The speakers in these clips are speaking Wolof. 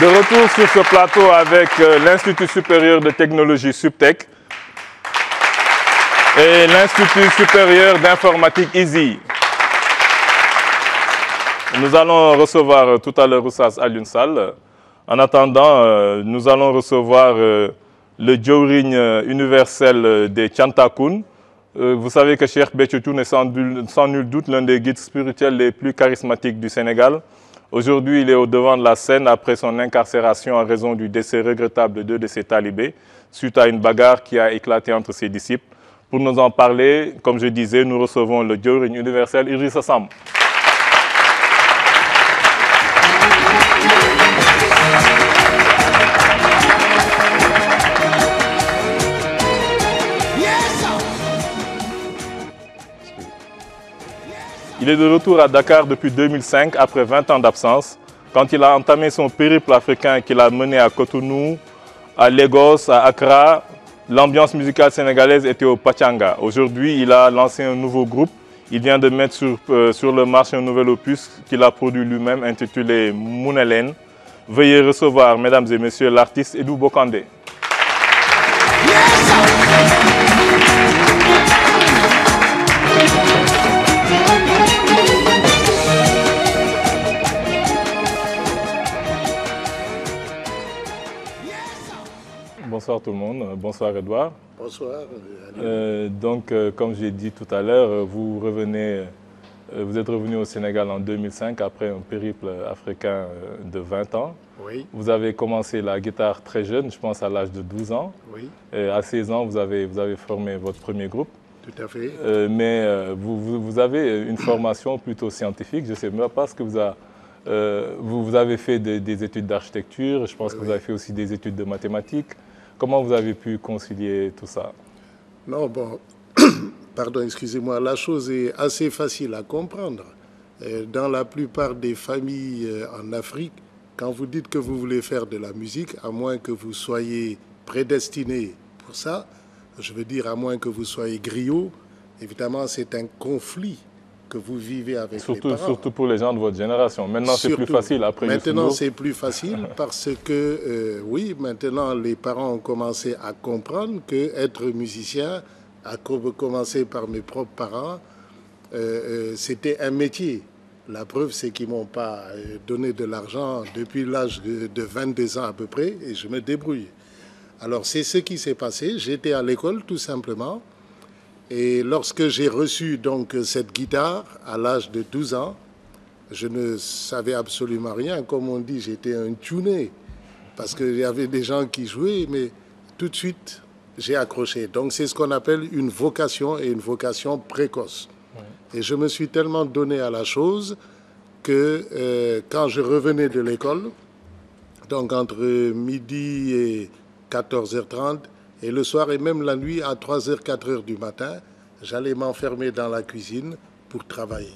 De retour sur ce plateau avec euh, l'Institut supérieur de technologie Subtech et l'Institut supérieur d'informatique EASY. Nous allons recevoir euh, tout à l'heure Oussas Alunssal. En attendant, euh, nous allons recevoir le Djouring universel des Tchantakoun. Vous savez que Cheikh Betchoutoun est sans nul doute l'un des guides spirituels les plus charismatiques du Sénégal. Aujourd'hui, il est au devant de la scène après son incarcération en raison du décès regrettable de deux de ses talibés, suite à une bagarre qui a éclaté entre ses disciples. Pour nous en parler, comme je disais, nous recevons le Dieu universel Idrissa Sam. Il est de retour à Dakar depuis 2005 après 20 ans d'absence, quand il a entamé son périple africain qu'il a mené à Cotonou, à Lagos, à Accra. L'ambiance musicale sénégalaise était au Pachanga. Aujourd'hui, il a lancé un nouveau groupe. Il vient de mettre sur, euh, le marché un nouvel opus qu'il a produit lui-même intitulé Mounelen. Veuillez recevoir, mesdames et messieurs, l'artiste Edou Bokande. bonsoir tout le monde. Bonsoir Edouard. Bonsoir. Euh, euh, donc, euh, comme j'ai dit tout à l'heure, vous revenez, euh, vous êtes revenu au Sénégal en après un périple africain de 20 ans. Oui. Vous avez commencé la guitare très jeune, je pense à l'âge de 12 ans. Oui. Et à 16 ans, vous avez, vous avez formé votre premier groupe. mais vous, avez une formation plutôt scientifique. Je sais même que vous a euh, vous, vous, avez fait des, études d'architecture, je pense que vous avez fait aussi des études de mathématiques. Comment vous avez pu concilier tout ça Non, bon, pardon, excusez-moi, la chose est assez facile à comprendre. Euh, dans la plupart des familles euh, en Afrique, quand vous dites que vous voulez faire de la musique, à moins que vous soyez prédestiné pour ça, je veux dire à moins que vous soyez griot, évidemment c'est un conflit que vous vivez avec surtout, les parents. Surtout pour les parce que, euh, les parents ont commencé à comprendre que être musicien, à par mes propres parents, euh, euh, c'était un métier. La preuve, c'est qu'ils ne m'ont pas euh, depuis l'âge de, de 22 ans à peu près, et je me débrouille. Alors, Et lorsque j'ai reçu donc cette guitare à l'âge de 12 ans, je ne savais absolument rien. Comme on dit, j'étais un tuné parce qu'il y avait des gens qui jouaient, mais tout de suite, j'ai accroché. Donc c'est ce qu'on appelle une vocation et une vocation précoce. Ouais. Et je me suis tellement donné à la chose que euh, quand je revenais de l'école, donc entre midi et 14h30, Et le soir et même la nuit, à 3h, 4h du matin, j'allais m'enfermer dans la cuisine pour travailler.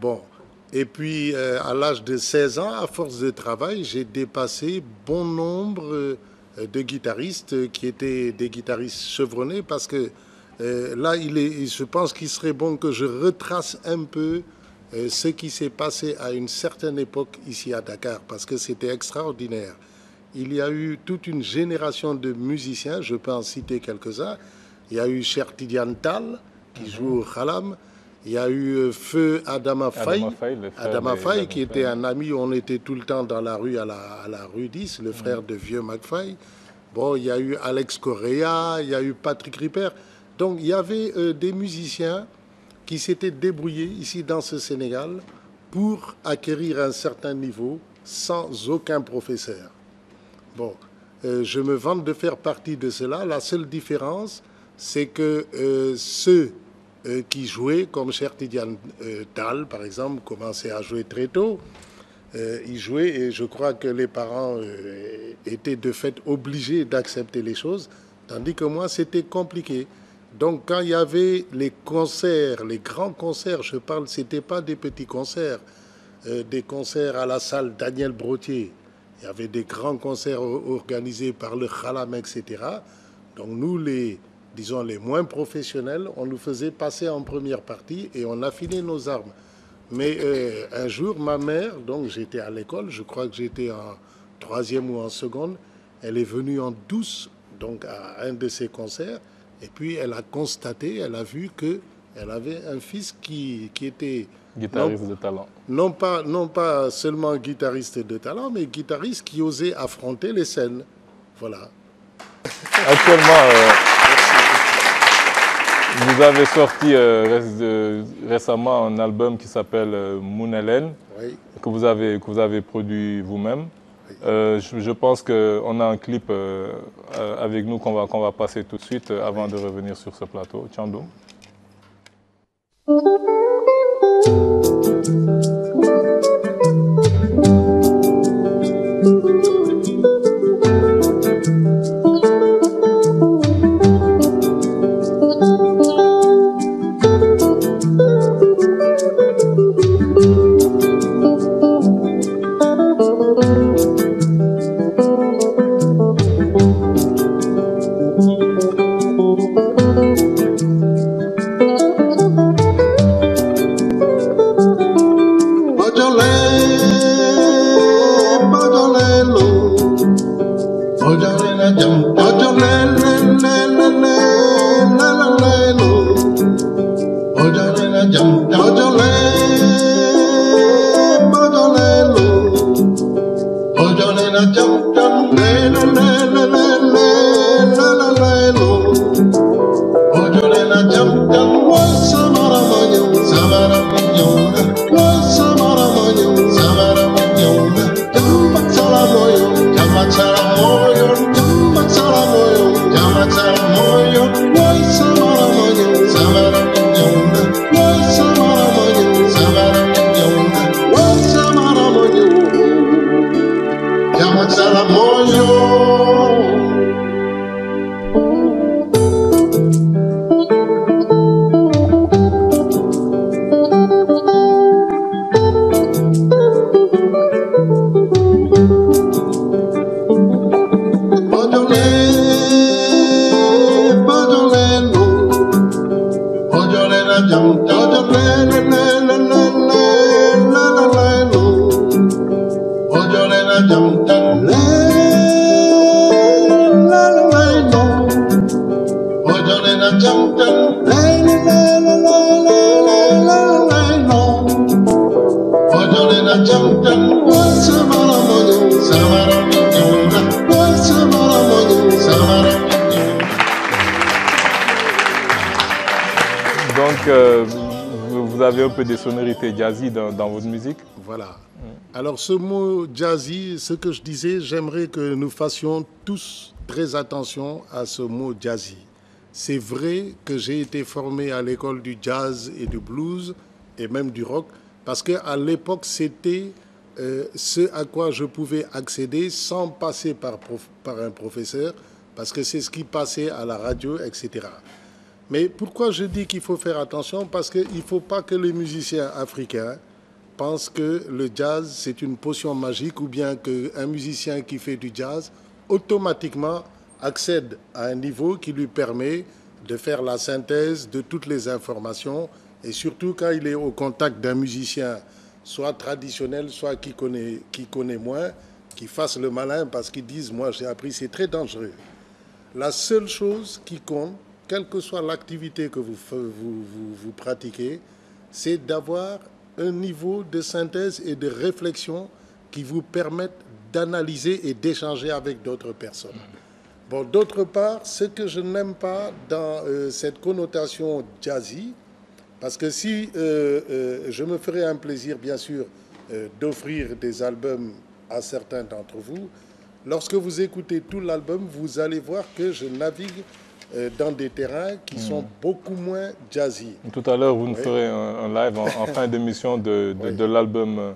Bon. Et puis, euh, à l'âge de 16 ans, à force de travail, j'ai dépassé bon nombre euh, de guitaristes qui étaient des guitaristes chevronnés parce que euh, là, il est, je pense qu'il serait bon que je retrace un peu euh, ce qui s'est passé à une certaine époque ici à Dakar parce que c'était extraordinaire. il y a eu toute une génération de musiciens, je peux en citer quelques-uns. Il y a eu Cher Tidiane Tal, qui mhm. joue au Khalam. Euh, Adama Faye, Adama Faye qui était un ami, on était tout le temps dans la rue, à rue 10, le mhm. frère de Vieux McFay. il y a eu Alex Correa, il y a eu Patrick Ripper. Donc il y avait euh, des musiciens qui s'étaient débrouillés ici dans ce Sénégal pour acquérir un certain niveau sans aucun professeur. Bon, euh, je me vante de faire partie de cela. La seule différence, c'est que euh, ceux euh, qui jouaient, comme Cher Tidiane euh, Tal, par exemple, commençaient à jouer très tôt, euh, ils jouaient et je crois que les parents euh, étaient de fait obligés d'accepter les choses, tandis que moi, c'était compliqué. Donc, quand il y avait les concerts, les grands concerts, je parle, c'était pas des petits concerts, des concerts à la salle Daniel Brotier, Il y avait des grands concerts organisés par le Khalam, etc. Donc nous, les, disons, les moins professionnels, on nous faisait passer en première partie et on affinait nos armes. Mais euh, un jour, ma mère, donc j'étais à l'école, je crois que j'étais en troisième ou en seconde, elle est venue en douce donc à un de ses concerts et puis elle a constaté, elle a vu que elle avait un fils qui, qui était Guitariste non, de talent. Non pas, seulement guitariste de talent, mais guitariste qui osait affronter les scènes. Voilà. Actuellement, euh, vous avez sorti euh, euh récemment un album qui s'appelle euh, Moon Hélène, que, vous avez, produit vous-même. Oui. Euh, je, je, pense qu'on a un clip avec nous qu'on va, passer tout de suite avant oui. de revenir sur ce plateau. Tchandoum. jam un peu des sonorités jazzy dans, dans votre musique Voilà. Alors ce mot jazzy, ce que je disais, j'aimerais que nous fassions tous très attention à ce mot jazzy. C'est vrai que j'ai été formé à l'école du jazz et du blues et même du rock parce que à l'époque c'était euh, ce à quoi je pouvais accéder sans passer par, prof, par un professeur parce que c'est ce qui passait à la radio, etc. Mais pourquoi je dis qu'il faut faire attention Parce qu'il ne faut pas que les musiciens africains pensent que le jazz, c'est une potion magique ou bien qu'un musicien qui fait du jazz automatiquement accède à un niveau qui lui permet de faire la synthèse de toutes les informations et surtout quand il est au contact d'un musicien, soit traditionnel, soit qui connaît, qui connaît moins, qui fasse le malin parce qu'ils disent, moi j'ai appris, c'est très dangereux. La seule chose qui compte, quelle que soit l'activité que vous, vous, vous, vous pratiquez, c'est d'avoir un niveau de synthèse et de réflexion qui vous permettent d'analyser et d'échanger avec d'autres personnes. Mm. Bon, d'autre part, ce que je n'aime pas dans euh, cette connotation jazzy, parce que si euh, euh, je me ferais un plaisir, bien sûr, euh, d'offrir des albums à certains d'entre vous, lorsque vous écoutez tout l'album, vous allez voir que je navigue Euh, dans des terrains qui mmh. sont hmm. beaucoup moins jazzy. Tout à l'heure, vous nous ferez un, un live en, en fin d'émission de, de, oui. de l'album euh,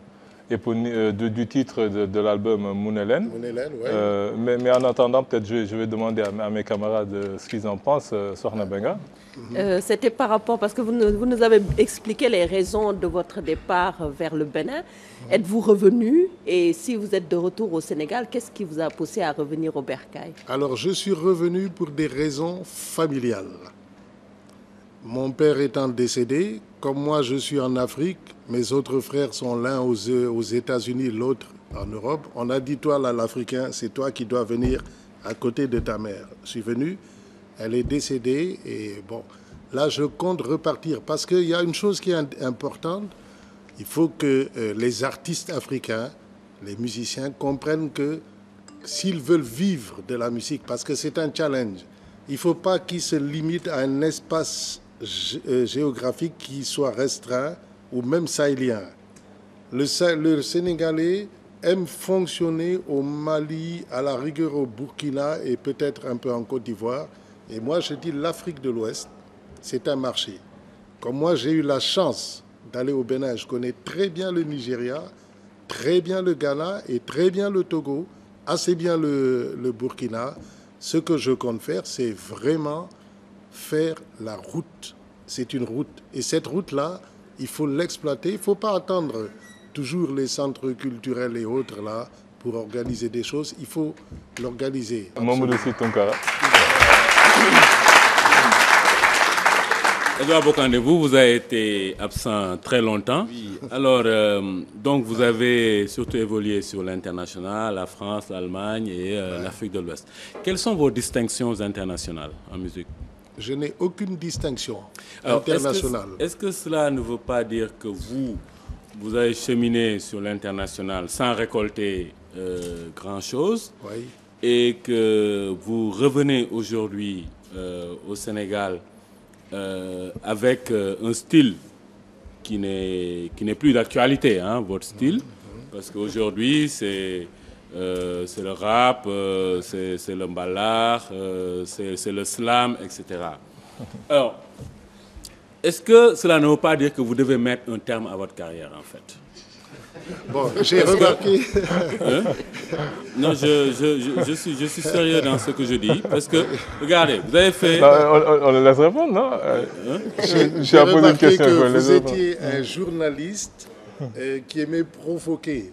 éponyme, euh, de, du titre de, de l'album Mounelen. Mounelen ouais. euh, mais, mais, en attendant, peut-être je, je, vais demander à, à mes camarades euh, ce qu'ils en pensent, euh, Sorna Benga. Mm -hmm. euh, C'était par rapport, parce que vous, nous, vous nous avez expliqué les raisons de votre départ vers le Bénin. Mm -hmm. Êtes-vous revenu Et si vous êtes de retour au Sénégal, qu'est-ce qui vous a poussé à revenir au Bercail Alors, je suis revenu pour des raisons familiales. Mon père étant décédé, comme moi je suis en Afrique, mes autres frères sont l'un aux, aux États-Unis, l'autre en Europe. On a dit toi là l'Africain, c'est toi qui dois venir à côté de ta mère. Je suis venu, elle est décédée et bon, là je compte repartir parce qu'il y a une chose qui est importante, il faut que euh, les artistes africains, les musiciens comprennent que s'ils veulent vivre de la musique, parce que c'est un challenge, il ne faut pas qu'ils se limitent à un espace Euh, géographique qui soit restreint ou même sahélien. Le, le Sénégalais aime fonctionner au Mali, à la rigueur au Burkina et peut-être un peu en Côte d'Ivoire. Et moi, je dis l'Afrique de l'Ouest, c'est un marché. Comme moi, j'ai eu la chance d'aller au Bénin. Je connais très bien le Nigeria, très bien le Ghana et très bien le Togo, assez bien le, le Burkina. Ce que je compte faire, c'est vraiment faire la route. C'est une route. Et cette route-là, il faut l'exploiter. Il ne faut pas attendre toujours les centres culturels et autres pour organiser des choses. Il faut l'organiser. Edouard Bocandé, vous, vous avez été absent très longtemps. Oui. Alors, euh, donc vous avez surtout évolué sur l'international, la France, l'Allemagne et euh, ouais. l'Afrique de l'Ouest. Quelles sont vos distinctions internationales en musique je n'ai aucune distinction Alors, internationale. Est-ce que, est que, cela ne veut pas dire que vous, vous avez cheminé sur l'international sans récolter euh, grand-chose oui. et que vous revenez aujourd'hui euh, au Sénégal euh, avec euh, un style qui n'est plus d'actualité, hein, votre style, mm -hmm. parce qu'aujourd'hui, c'est euh, c'est le rap, euh, c'est le mbalaax, euh, c'est le slam, etc. Alors, est-ce que cela ne veut pas dire que vous devez mettre un terme à votre carrière, en fait? Bon, j'ai remarqué. Que... Hein? Non, je, je, je, je, suis, je suis sérieux dans ce que je dis. Parce que, regardez, vous avez fait. Non, on, on, le laisse répondre, non euh, hein? J'ai posé une question. Que vous étiez un journaliste euh, qui aimait provoquer.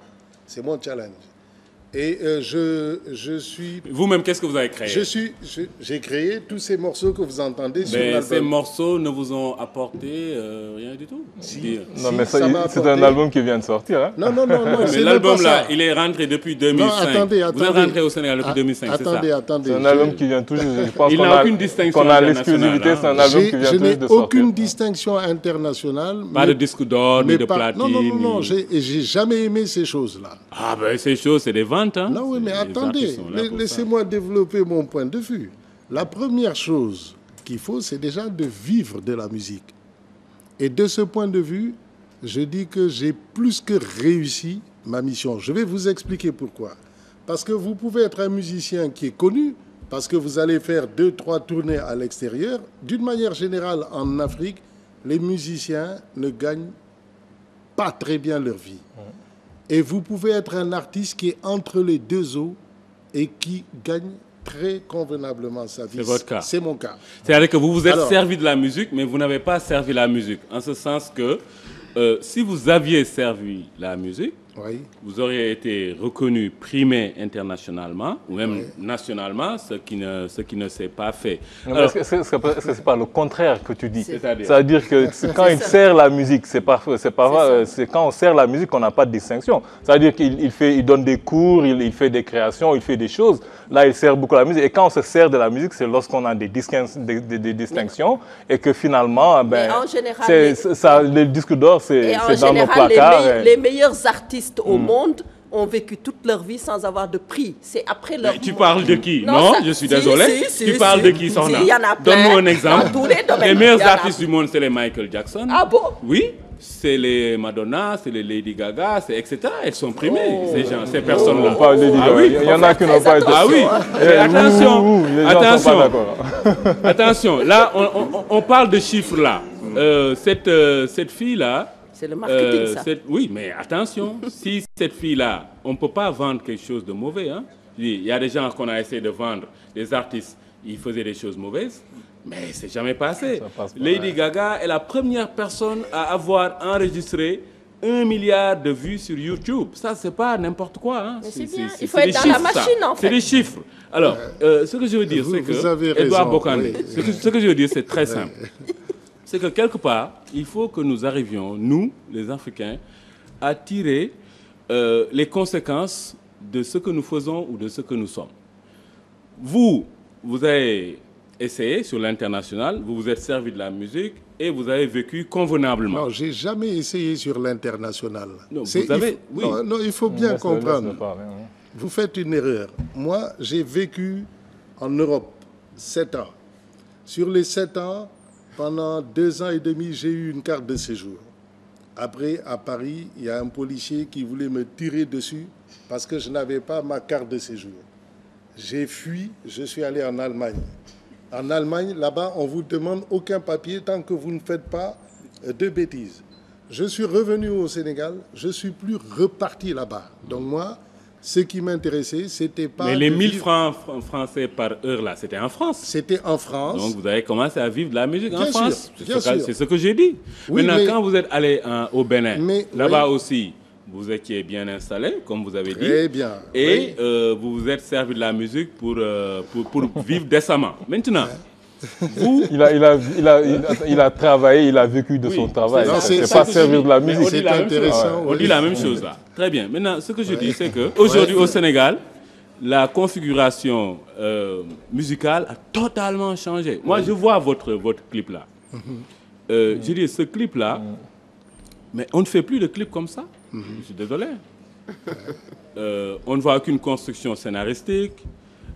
C'est mon challenge. Et euh, je, suis. Vous-même, qu'est-ce que vous avez créé tous ces morceaux que vous entendez mais Ces morceaux ne vous ont apporté euh, rien du tout. Si, non, si, mais ça, ça c'est un album qui vient de sortir. Hein? Non, non, non, non. attendez, Vous êtes rentré au Sénégal depuis ah, c'est un album qui vient toujours. Qu'on a l'exclusivité, c'est un album qui vient de sortir. Pas de disque d'or, ni de platine. Non, non, non, jamais aimé ces choses là. Ah ben ces choses, c'est des ventes. différentes. Hein. Non, oui, mais attendez, laissez-moi développer mon point de vue. La première chose qu'il faut, c'est déjà de vivre de la musique. Et de ce point de vue, je dis que j'ai plus que réussi ma mission. Je vais vous expliquer pourquoi. Parce que vous pouvez être un musicien qui est connu, parce que vous allez faire deux, trois tournées à l'extérieur. D'une manière générale, en Afrique, les musiciens ne gagnent pas très bien leur vie. Et vous pouvez être un artiste qui est entre les deux eaux et qui gagne très convenablement sa vie. C'est votre cas. C'est mon cas. C'est-à-dire que vous vous êtes Alors, servi de la musique, mais vous n'avez pas servi la musique. En ce sens que euh, si vous aviez servi la musique, oui. vous auriez été reconnu primé internationalement, ou même nationalement, ce qui ne, ce qui ne s'est pas fait. est le contraire que tu dis quand il sert la musique, c'est pas, pas, quand on sert la musique qu'on n'a pas de distinction. C'est-à-dire qu'il donne des cours, il, fait des créations, il fait des choses. la musique. Et quand on se sert de la musique, c'est lorsqu'on a des, distinctions et que finalement, le disque d'or, c'est dans Les, me artistes artistes au hmm. monde ont vécu toute leur vie sans avoir de prix. C'est après leur... Mais tu parles de qui Non, non ça, je suis si, désolé. Si, si, tu parles de qui, Sohna Donne-moi un exemple. Dans tous les domaines. Les meilleurs artistes du monde, c'est les Michael Jackson. Ah bon Oui. C'est les Madonna, c'est les Lady Gaga, c'est etc. Elles sont primées, oh, ces gens, ces personnes-là. Oh, ah oui, il y en a qui n'ont pas été. Ah oui, Et eh, attention, ouh, ouh, ouh, attention, attention. Là, on, on, on, parle de chiffres là. Hmm. Euh, cette, euh, cette fille là, C'est le marketing, euh, ça. Oui, mais attention, si cette fille-là, on ne peut pas vendre quelque chose de mauvais. Hein. Il y a des gens qu'on a essayé de vendre, des artistes, ils faisaient des choses mauvaises, mais c'est jamais passé. Lady Gaga est la première personne à avoir enregistré un milliard de vues sur YouTube. c'est pas n'importe quoi. Mais Il faut être dans la machine, ça. en fait. C'est des chiffres. Alors, euh, ce que je veux dire, c'est que... Vous avez raison, c'est très simple. c'est que quelque part, il faut que nous arrivions, nous, les Africains, à tirer euh, les conséquences de ce que nous faisons ou de ce que nous sommes. Vous, vous avez essayé sur l'international, vous vous êtes servi de la musique et vous avez vécu convenablement. Non, j'ai jamais essayé sur l'international. Non, vous avez, il, oui. non, non, il faut bien laisse, comprendre. Parler, oui. Vous faites une erreur. Moi, j'ai vécu en Europe 7 ans. Sur les 7 ans, Pendant deux ans et demi, j'ai eu une carte de séjour. Après, à Paris, il y a un policier qui voulait me tirer dessus parce que je n'avais pas ma carte de séjour. J'ai fui, je suis allé en Allemagne. En Allemagne, là-bas, on vous demande aucun papier tant que vous ne faites pas euh, de bêtises. Je suis revenu au Sénégal, je suis plus reparti là-bas. Donc moi, Ce qui m'intéressait, c'était pas. Mais les 1000 vivre... francs français par heure, là, c'était en France. C'était en France. Donc vous avez commencé à vivre de la musique bien en sûr, France. C'est ce, ce, que j'ai dit. Oui, Maintenant, mais... quand vous êtes allé hein, au Bénin, là-bas oui. aussi, vous étiez bien installé, comme vous avez dit. Très bien. Et oui. euh, vous vous êtes servi de la musique pour, euh, pour, pour vivre décemment. Maintenant. Ouais. il, a, il, a, il, travaillé, il a vécu de oui, son travail. C'est pas servir de la musique. Très bien. Maintenant, ce que au Sénégal, la configuration euh, musicale a totalement changé. Moi, je vois votre, clip là. Mm-hmm. Euh, je dis, ce clip là, mm. mais on ne fait plus de clip comme ça. Mm-hmm. Je suis désolé. Euh, on ne voit aucune construction scénaristique.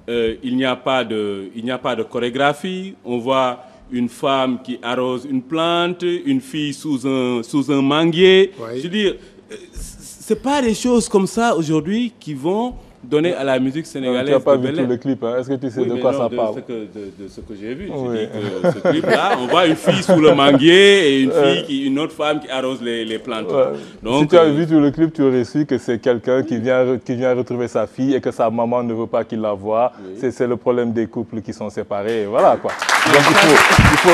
euh, il n'y a pas de il n'y a pas de chorégraphie on voit une femme qui arrose une plante une fille sous un sous un manguier oui. je veux dire euh, c'est pas des choses comme ça aujourd'hui qui vont donné à la musique sénégalaise. Non, tu n'as est-ce que tu sais de quoi non, ça une fille sous le manguier et une, autre femme qui arrose les, les plantes. Ouais. Donc, si tu as euh, vu tout le clip, tu aurais su que c'est quelqu'un qui vient, retrouver sa fille et que sa maman ne veut pas qu'il la voie. Oui. C'est le problème des couples qui sont séparés. voilà quoi. Donc il faut,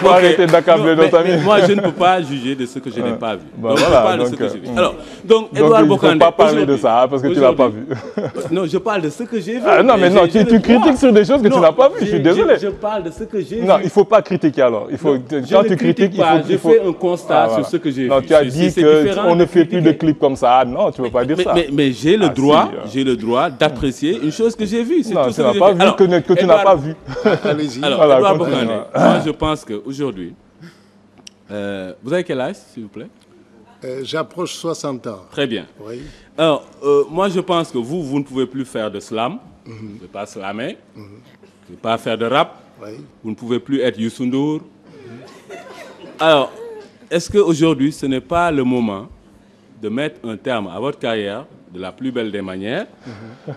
a, un arrêter d'accabler nos amis. moi, je ne peux pas juger de ce que je n'ai pas vu. Donc, voilà, je parle Mm. Alors, donc, Edouard donc, Bocandé. pas parler de ça, hein, parce que tu l'as pas vu. non, je parle de ce que j'ai vu. Ah, non, mais non, tu, tu critiques droit. sur des choses que non, tu n'as pas vues, je suis désolé. Je, parle de ce que j'ai vu. Non, il faut pas critiquer alors. Il faut, non, quand tu critiques, pas, il faut. Je faut... fais un constat ah, voilà. sur ce que j'ai vu. Non, tu as je dit qu'on ne fait plus de clips comme ça. Ah, non, tu ne peux pas dire ça. Mais j'ai le ah, droit, j'ai le droit d'apprécier une chose que j'ai vue. Non, tu n'as pas vu, que tu n'as pas vu. Allez-y. Alors, Edouard Bocandé, moi, je pense qu'aujourd'hui, euh, vous avez quel âge, s'il vous plaît euh, J'approche 60 ans. Très bien. Euh, je pense que vous, vous ne pouvez plus faire de slam. Mm -hmm. Vous ne mhm. pas faire de rap. Oui. Vous ne pouvez plus être Youssou mhm. Alors, est-ce qu'aujourd'hui, ce n'est pas le moment de mettre un terme à votre carrière de la plus belle des manières, mhm.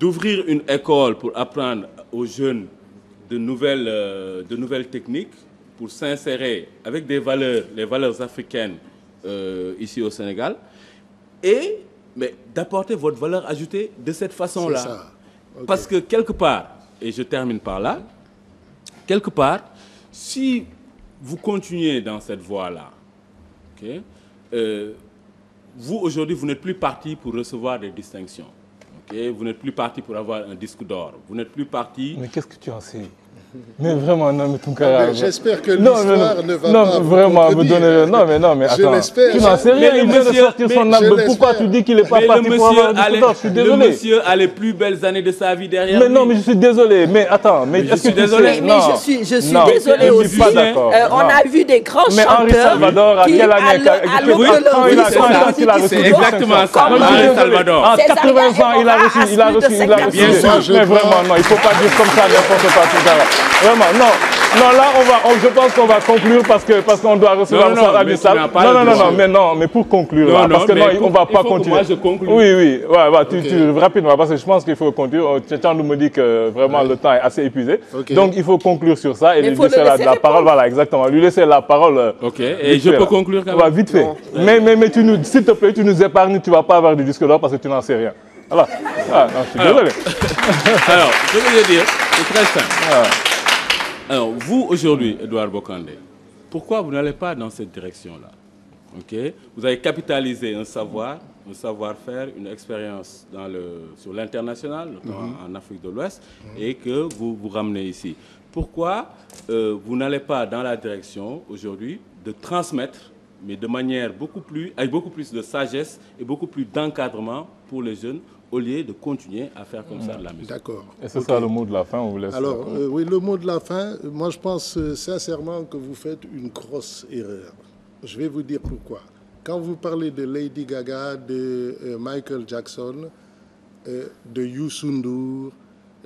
d'ouvrir une école pour apprendre aux jeunes de nouvelles, euh, de nouvelles techniques, pour s'insérer avec des valeurs, les valeurs africaines, euh, ici au Sénégal et mais d'apporter votre valeur ajoutée de cette façon-là. C'est ça. Okay. Parce que quelque part, et je termine par là, quelque part, si vous continuez dans cette voie-là, OK, euh, vous aujourd'hui, vous n'êtes plus parti pour recevoir des distinctions. OK, vous n'êtes plus parti pour avoir un disque d'or. Vous n'êtes plus parti. Mais qu'est-ce que tu en sais? mais vraiment, non, mais Tunkara. Ah, j'espère que l'histoire non, Non, vraiment, vous donner. Non, mais non, mais attends. Je il vient de sortir son album. Pourquoi tu dis qu'il n'est pas mais parti le monsieur a les plus belles années de sa vie derrière. Mais non, je suis désolé. Mais attends, mais, je suis désolé. aussi. pas d'accord. Euh, on a vu des grands chanteurs. Mais Henri Salvador, à quelle année Quand il a ans, il a reçu, il a reçu, Bien sûr, Vraiment, non. Non, là, on va, je pense qu'on va conclure parce que parce qu'on doit recevoir non, non, non, non, non, non, non, non, mais pour conclure, là, parce on va pas continuer. Que moi je conclue. Oui, oui, ouais, je pense qu'il faut conclure. Oh, Tchétchan nous me dit que vraiment ouais. est assez épuisé. Donc, il faut conclure sur ça et mais lui la, la parole. Voilà, exactement. Lui la parole. Euh, OK. Et je fait, peux là. conclure quand même. te plaît, tu nous épargnes, tu vas pas avoir du disque d'or parce Alors, vous, aujourd'hui, Edouard Bokandé, pourquoi vous n'allez pas dans cette direction-là okay Vous avez capitalisé un savoir, faire une expérience dans le, sur l'international, mm-hmm. en Afrique de l'Ouest, mm -hmm. et que vous ramenez ici. Pourquoi euh, vous n'allez pas dans la direction, aujourd'hui, de transmettre mais de manière beaucoup plus, avec beaucoup plus de sagesse et beaucoup plus d'encadrement pour les jeunes au lieu de continuer à faire comme ça de la musique. D'accord. Et c'est okay. ça le mot de la fin, on vous laisse. Alors, euh, oui, le mot de la fin, moi je pense euh, sincèrement que vous faites une grosse erreur. Je vais vous dire pourquoi. Quand vous parlez de Lady Gaga, de euh, Michael Jackson, euh, de Youssou N'Dour,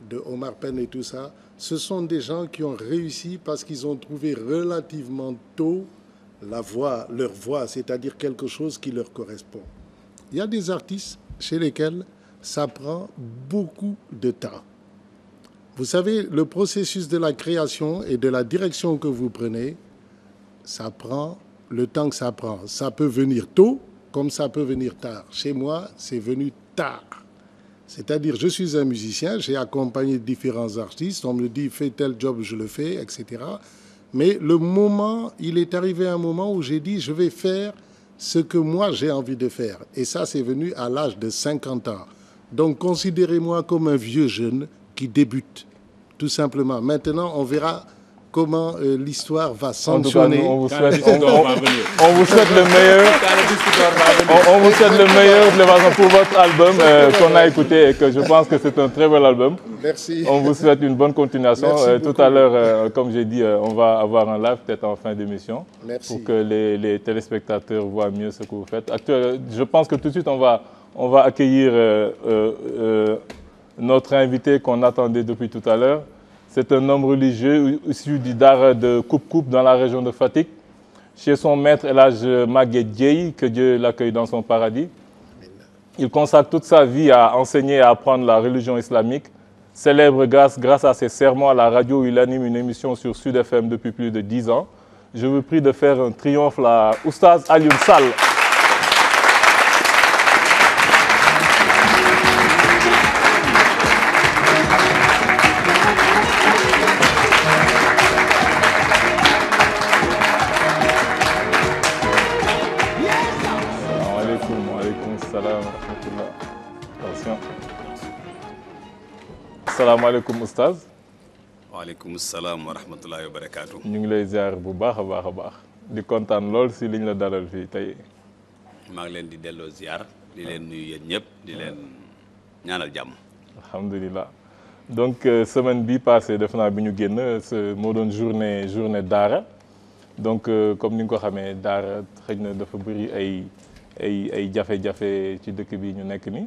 de Omar Penn et tout ça, ce sont des gens qui ont réussi parce qu'ils ont trouvé relativement tôt la voix, leur voix, c'est-à-dire quelque chose qui leur correspond. Il y a des artistes chez lesquels ça prend beaucoup de temps. Vous savez, le processus de la création et de la direction que vous prenez, ça prend le temps que ça prend. Ça peut venir tôt comme ça peut venir tard. Chez moi, c'est venu tard. C'est-à-dire, je suis un musicien, j'ai accompagné différents artistes, on me dit fais tel job, je le fais, etc. Mais le moment, il est arrivé un moment où j'ai dit je vais faire ce que moi j'ai envie de faire. Et ça, c'est venu à l'âge de 50 ans. Donc considérez-moi comme un vieux jeune qui débute, tout simplement. Maintenant, on verra comment euh, l'histoire va sanctionner. on vous souhaite, le meilleur. On, on, pour votre album euh, qu'on a écouté et que je pense que c'est un très bel album. On vous souhaite une bonne continuation. Euh, tout à l'heure, comme j'ai dit, on va avoir un live peut-être en fin d'émission pour que les, téléspectateurs voient mieux ce que vous faites. je pense que tout de suite, on on va accueillir euh, euh, euh, notre invité qu'on attendait depuis tout à l'heure. C'est un homme religieux issu du Dara de Koup-Koup dans la région de Fatick. Chez son maître El Hadj Maguette Dieye, que Dieu l'accueille dans son paradis. Il consacre toute sa vie à enseigner et à apprendre la religion islamique. Célèbre grâce, grâce à ses sermons à la radio, il anime une émission sur Sud FM depuis plus de dix ans. Je vous prie de faire un triomphe à Oustaz Alioune Sall. salaamaaleykum oustaz. waaleykum salaam wa wa barakaatu. ñu ngi lay ziar bu baax a baax a baax. di kontaan lool si li ñu la dalal fii tey. maa ngi leen di delloo ziar. di leen nuyu yéen ñëpp di leen ñaanal jàmm. alhamdulilah donc euh, semaine bi passée def naa bi ñu génn moo doon journée journée daara donc euh, comme ni nga ko xamee daara xëj na dafa bëri ay ay ay jafe-jafe ci dëkk bi ñu nekk ni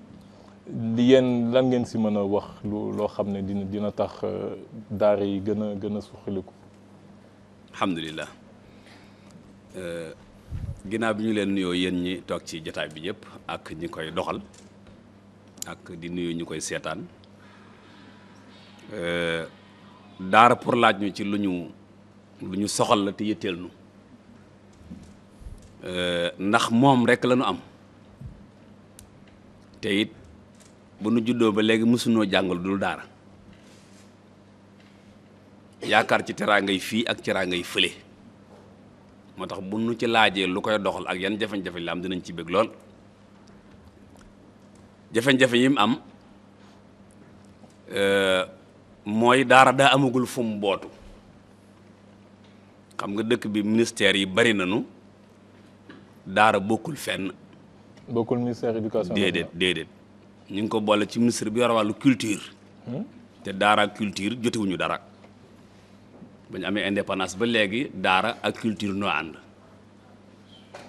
yéen lan ngeen si mën a wax lu loo xam ne dina dina tax euh, daara yi gën a gën a suqaliku. alhamdulilah euh, ginnaaw bi ñu leen nuyoo yéen ñi toog ci jataay bi yëpp ak ñi koy doxal ak di nuyu ñu koy seetaan euh, daara pour laaj ñu ci lu ñu lu ñu soxal la te yëtteel nu ndax moom rekk la ñu am te bu nu juddoo ba léegi mësunoo jàngal dul daara yaakaar ci teraangay fii ak teraangay fële moo tax bu nu ci laajee lu koy doxal ak yan jafe-jafe la am dinañ ci bëgg lool jafe-jafe yi am euh, mooy daara daa amagul fum bootu xam nga dëkk bi ministère yi bari nañu daara bokkul fenn. bokkul ministère éducation déedéet déedéet. ñu ngi ko boole ci ministre bi yor wàllu culture. Hmm? te daara ak culture jotewuñu dara. ba amee indépendance ba léegi daara ak culture noo ànd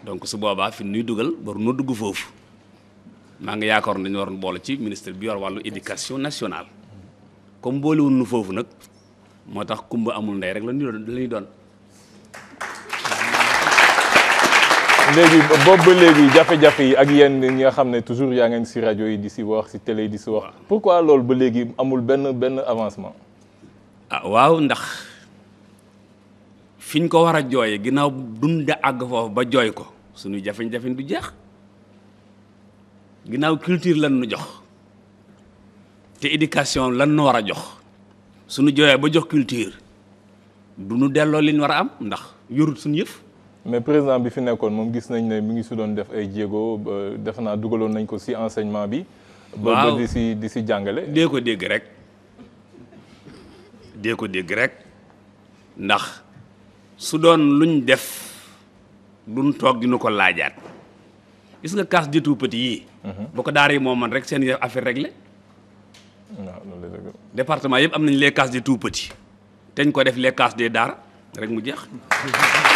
donc su boobaa fi nuy dugal war noo dugg foofu maa ngi yaakaar ne dañu waroon boole ci ministre bi yor wàllu éducation nationale. comme boolewul nu foofu nag moo tax kumba amul ndey rek la ñuy doon la doon. léegi boobu ba léegi jafe-jafe yi ak yéen ñi nga xam ne toujours yaa ngeen si rajo yi di si wax si télé yi di si wax pourquoi loolu ba léegi amul benn benn avancement. a ah, waaw ndax fi ñu ko war a jooyee ginnaaw dunda àgg foofu ba jooy ko suñu jafe-jafe du jeex ginnaaw culture lan nu jox te éducation lan nu war a jox suñu jooyee ba jox culture du nu delloo li ñu war a am ndax yorut suñu yëf. mais président bi fi nekkoon moom gis nañ ne mu ngi su doon def ay jéego def naa dugaloon nañ ko si enseignement bi. ba di si di si jàngale. dée ko dégg rek dee dégg rek ndax su doon luñ def duñ toog dinu ko laajaat gis nga cas di tout petit yii. Mhm. bu ko daara yi man rek seen affaire réglée. département yëpp am nañ lee cas di tout petit te ñu ko def les cas des daara rek mu jeex.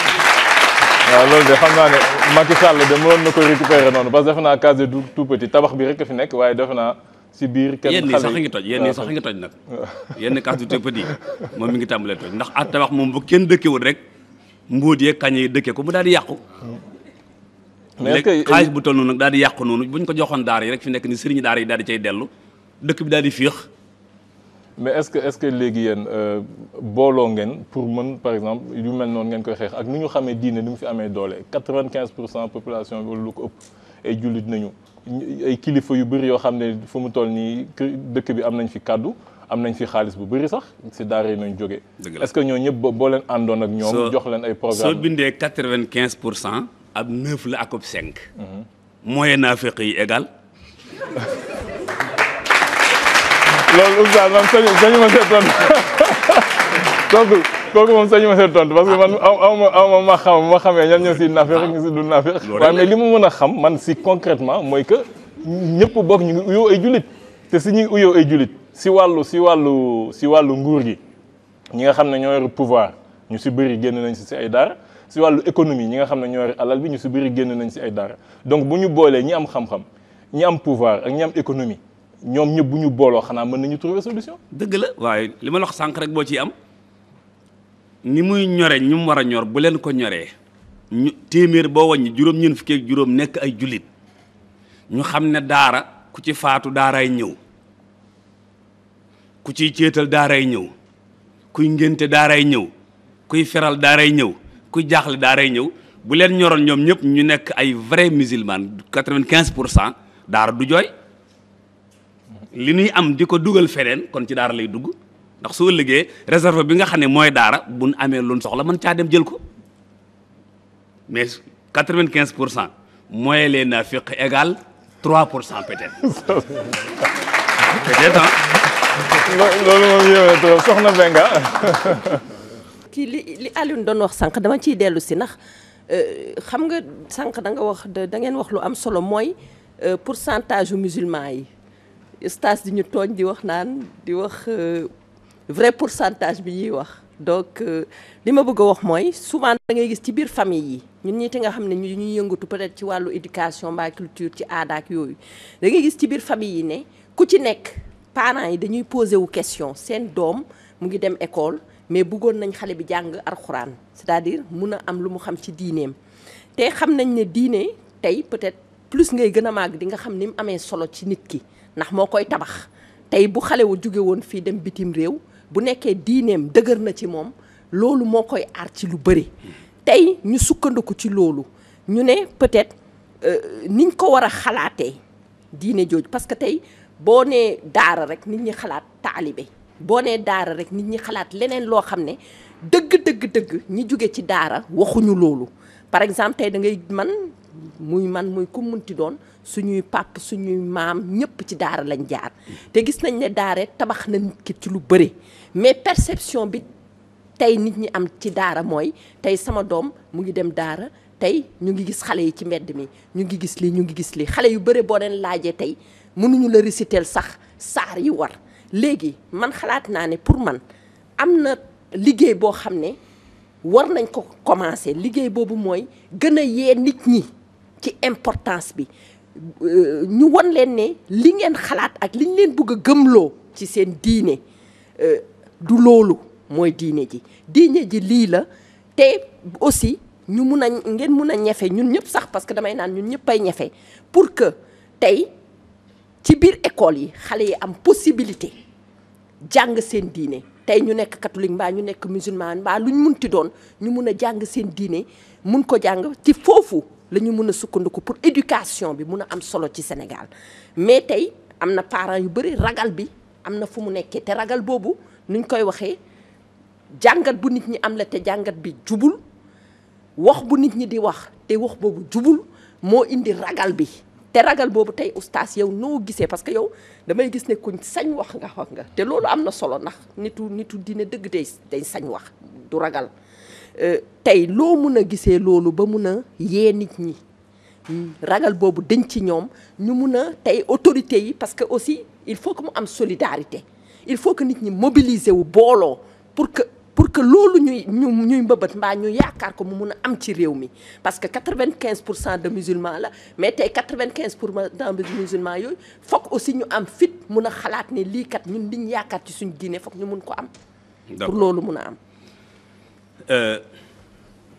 waaw loolu de xam naa ne Macky Sall de mënoon na ko récupérer noonu parce que defe naa case du tout petit tabax bi rek fi nekk waaye defe naa si biir kenn yenn yi ngi toj yenn yi sax a ngi toj nag yenn case du tout petit moom mi ngi tàmbalee toj ndax at tabax moom bu kenn dëkkee dëkkewul rek mbóot yee kañ yi dëkkee ko mu daal di yàqu léegi xaalis bu toll noonu nag daal di yàqu noonu bu ñu ko joxoon daar yi rek fi nekk ni sëriñ daar yi daa di cay dellu dëkk bi daal di féex mais est-ce que est-ce que léegi yéen euh, booloo ngeen pour mën par exemple yu mel noonu ngeen koy xeex ak ni ñu xamee diine ni mu fi amee doole quatre-vingt-quinze pour cent population bi wala lu ko ëpp ay jullit nañu ay kilifa yu bëri yoo xam ne fu mu toll nii dëkk bi am nañ fi kàddu am nañ fi xaalis bu bëri sax si daara yi nañ jógee. est-ce que ñoo ñëpp boo leen àndoon ak ñoom. jox leen ay programme soo bindee quatre vingt pour cent. ab neuf la ak ab cinq. Mhm. moyen naa feq yi égal. loolu oustaz man sañu sañu ma seet tontu kooku kooku moom sañu ma seet tontu parce que man aw ma aw ma ma xam ma xamee ñan ñoo si naafeq ak ñu si dul naafeq waaye mais li ma mën a xam man si concrètement mooy que ñëpp bokk ñu ngi uyoo ay julit te si ñuy uyoo ay julit si wàllu si wàllu si wàllu nguur gi ñi nga xam ne ñoo yor pouvoir ñu si bëri génn nañ si si ay daara si wàllu économie ñi nga xam ne ñoo yor alal bi ñu si bëri génn nañ si ay daara donc bu ñu boolee ñi am xam-xam ñi am économie ñoom ñëpp ñu booloo xanaa mën nañu trouver solution. dëgg la waaye li ma la wax sànq rek boo ci am ni muy ñore ñu mu war a ñor bu leen ko ñoree ñu téeméer boo wàññi juróom ñeen fukki juróom nekk ay jullit ñu xam ne daara ku ci faatu daaray ñëw ku ciy céetal daaraay ñëw kuy ngénte daaraay ñëw kuy feral daaray ñëw kuy jaaxle daaray ñëw bu leen ñoroon ñoom ñëpp ñu nekk ay vrai musulman quatre-vingt-quinze pour cent daara du jooy. li ñuy am di ko dugal feneen kon ci daara lay dugg ndax su ëllëgee réserve bi nga xam ne mooy daara bu ñu amee lu soxla mën caa dem jël ko mais 95 pour cent mooy leen naa fiq égal trois pour cent peut-être. peut-être loolu moom yéeme trop soxna Benga. kii li li Alioune doon wax sànq dama ciy dellu si ndax euh, xam nga sànq danga wax da ngeen wax lu am solo mooy euh, pour centage musulman yi. stage di ñu tooñ di wax naan di wax euh, vrai pourcentage bi ñuy wax donc euh, li ma bëgg a wax mooy souvent dangay gis ci biir famille yi ñun ñi nga xam ne ñu ñuy yëngatu peut-être ci wàllu éducation mbaa culture ci aada yooyu da ngay gis ci biir famille yi ne ku ci nekk parent yi dañuy posé wu question seen doom mu ngi dem école mais bëggoon nañ xale bi jàng alxuraan c'est-à-dire mun a am lu mu xam ci diineem te xam nañ ne diine tey peut-être plus ngay gën a màgg di nga xam ni mu amee solo ci nit ki ndax moo koy tabax tey bu xalewu wu woon fii dem bitim réew bu nekkee diineem dëgër na ci moom loolu moo koy aar ci lu bëri tey ñu sukkandiku ci loolu ñu ne peut-être euh, niñ ko war a xalaatee diine jooju parce que tey boo nee daara rek nit ñi xalaat taalibe boo nee daara rek nit ñi xalaat leneen loo xam ne dëgg dëgg dëgg ñi jóge ci daara waxuñu loolu par exemple tey da ngay man muy man muy ku munti doon suñuy pàpp suñuy maam ñëpp ci daara lañ jaar te gis nañ ne daare tabax na nit ki ci lu bëri mais perception bi tey nit ñi am ci daara mooy tey sama doom mu ngi dem daara tey ñu ngi gis xale yi ci mbedd mi ñu ngi gis lii ñu ngi gis lii xale yu bëri boo leen laajee tey mënuñu la réciter sax saar yi war léegi man xalaat naa ne pour man am na liggéey boo xam ne war nañ ko commencer liggéey boobu mooy gën a yee nit ñi ci importance bi ñu won leen ne li ngeen xalaat ak liñ leen bëgg a gëmloo ci seen diine euh, du loolu mooy diine ji diine ji lii la te aussi ñu mun a ngeen mun a ñefe ñun ñëpp sax parce que damay naan ñun ñëpp ay ñefe pour que tey ci biir école yi xale yi am possibilité jàng seen diine tey ñu nekk catholique mbaa ñu nekk musulman mbaa luñ munti doon ñu mun a jàng seen diine mun ko jàng ci foofu la mën a sukkandiku pour éducation bi mun a am solo ci Sénégal mais tey am na parent yu bëri ragal bi am na fu mu nekkee te ragal boobu nu nuñ koy waxee jàngat bu nit ñi am la te jàngat bi jubul wax bu nit ñi di wax te wax boobu jubul moo indi ragal bi te ragal boobu tey oustaz yow noo gisee parce que yow damay gis ne kuñ sañ wax nga wax nga te loolu am na solo ndax nitu nitu dina dëgg day day sañ wax du ragal Euh, tey loo mun a gisee loolu ba mun a yee nit ñi ragal boobu dañ ci ñoom ñu mun a tey autorité yi parce que aussi il faut que mu am solidarité il faut que nit ñi mobiliser wu booloo pour que pour que loolu ñuy ñu ñuy mbëbët mbaa ñu yaakaar ko mu mun a am ci réew mi parce que quatre-vingt-quinze pour cent de musulmans la mais tey quatre-vingt-quinze pour cent de musulmans yooyu foog aussi ñu am fit mun a xalaat ne lii kat ñun ñu yaakaar ci suñ diine foog ñu mun ko am pour loolu mun a am Euh,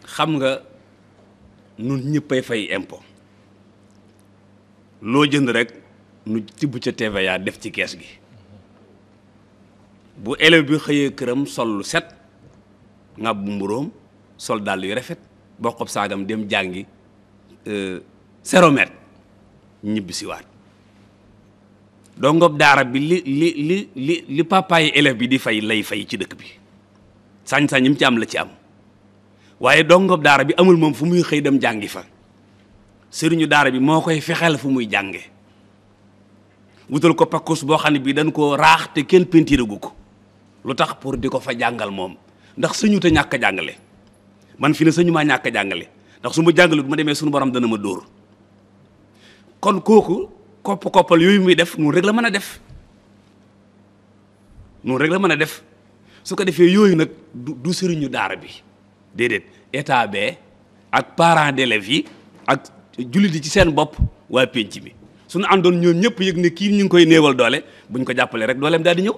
xam nga nu ñëppay fay impo loo jënd rek nu tibb ca TVA def ci kees gi bu élève bi xëyee këram sol lu set ngàbb bu mburóom sol dàll yu rafet bokkub saagam dem jàngi zéro euh, mètre ñibbi siwaat dongob daara bi li li li li li papa bi di fay lay fay ci dëkk bi sañ-sañ yi mu ci am la ci am waaye dongob daara bi amul moom fu muy xëy dem jàngi fa sëriñu daara bi moo koy fexeel fu muy jànge wutal ko pakkus boo xam ne bii dañ koo raax te kenn pentiiragu ko lu tax pour di ko fa jàngal moom ndax suñu te ñàkk a jàngale man fi ne sëñu maa ñàkk a jàngale ndax su ma jàngalee bu ma demee suñu borom dana ma dóor kon kooku kopp koppal yooyu muy def noonu rek la mën a def noonu rek la mën a def su ko defee yooyu nag du du sëriñu daara bi déedéet état bee ak parents d'élèves yi ak jullit yi ci seen bopp waa penc bi suñu àndoon ñoom ñëpp yëg ne kii ñu ngi koy néewal doole buñ ko jàppale rek dooleem daal di ñëw.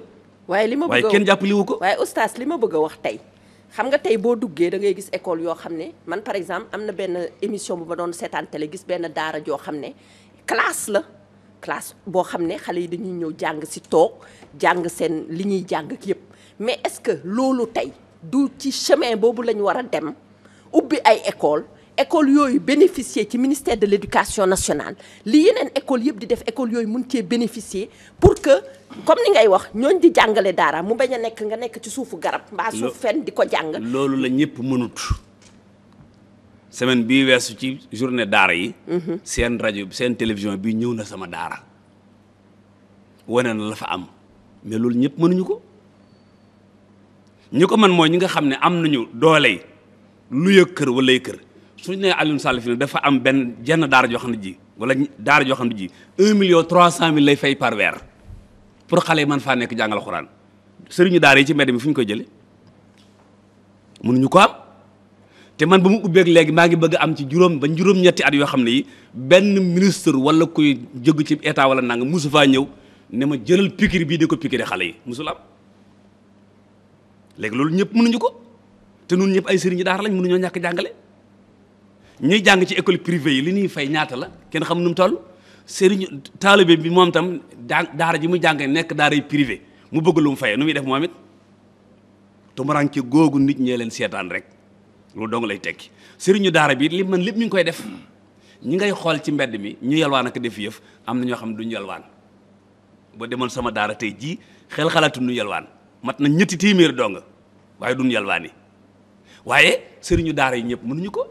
waaye li ma bëgg a wu ko. waaye oustaz li ma bëgg a wax tey xam nga tey boo duggee da ngay gis école yoo xam ne man par exemple am na benn émission bu ma doon seetaan télé gis benn daara joo xam ne classe la. classe boo xam ne xale yi dañuy ñëw jàng si toog jàng seen li ñuy jàng ak yëpp. mais est-ce que loolu tey du ci chemin boobu la ñu war a dem ubbi ay école école yooyu bénéficier ci ministère de l'éducation nationale li yeneen école yëpp di def école yooyu mun cee bénéficier pour que comme ni ngay wax ñooñ di jàngale daara mu bañ a nekk nga nekk ci suufu garab mbaa suuf fen di ko jàng loolu la ñëpp mënut semaine bi weesu ci journée daara yi mhm. seen rajo seen télévision bi ñëw na sama daara wane na la fa am mais loolu ñëpp mënuñu ko ñi ko man mooy ñi nga xam ne am nañu doole lu yëg kër wala yëg kër suñ nee Alioune Sall dafa am benn jenn daara jox xam ne ji wala daara joo xam ji un million trois cent mille lay fay par weer pour xale yi man faa nekk jàngal xuraan sëriñu daara yi ci mbedd mi fu ñu koy jëlee mënuñu ko am te man ba mu ubbeek léegi maa ngi bëgg am ci juróom ba juróom-ñetti at yoo xam ne yi benn ministre wala kuy jóg ci état wala nang musu faa ñëw ne ma jëlal piqûre bii di ko piqûre xale yi mosul am léegi loolu ñëpp mënuñu ko te ñun ñëpp ay sëriñu daara lañ mënuñoo ñàkk jàngale ñuy jàng ci école privée yi li ñuy fay ñaata la kenn xam nu mu toll sëriñu taalibe bi moom tam daara ji mu jàng nekk daara yi privé mu bëgg lu mu fayee nu muy def moom it tumuraanke googu nit ñee leen seetaan rek loolu dong lay tekki sëriñu daara bi li man lépp mi ngi koy def ñi ngay xool ci mbedd mi ñu yalwaan ak def yëf am na ñoo xam ne duñu yalwaan boo demoon sama daara tey jii xel xalaatu nu mat na ñetti téeméeri donga waaye duñ yalwaani waaye sëriñu daara yi ñëpp mënuñu ko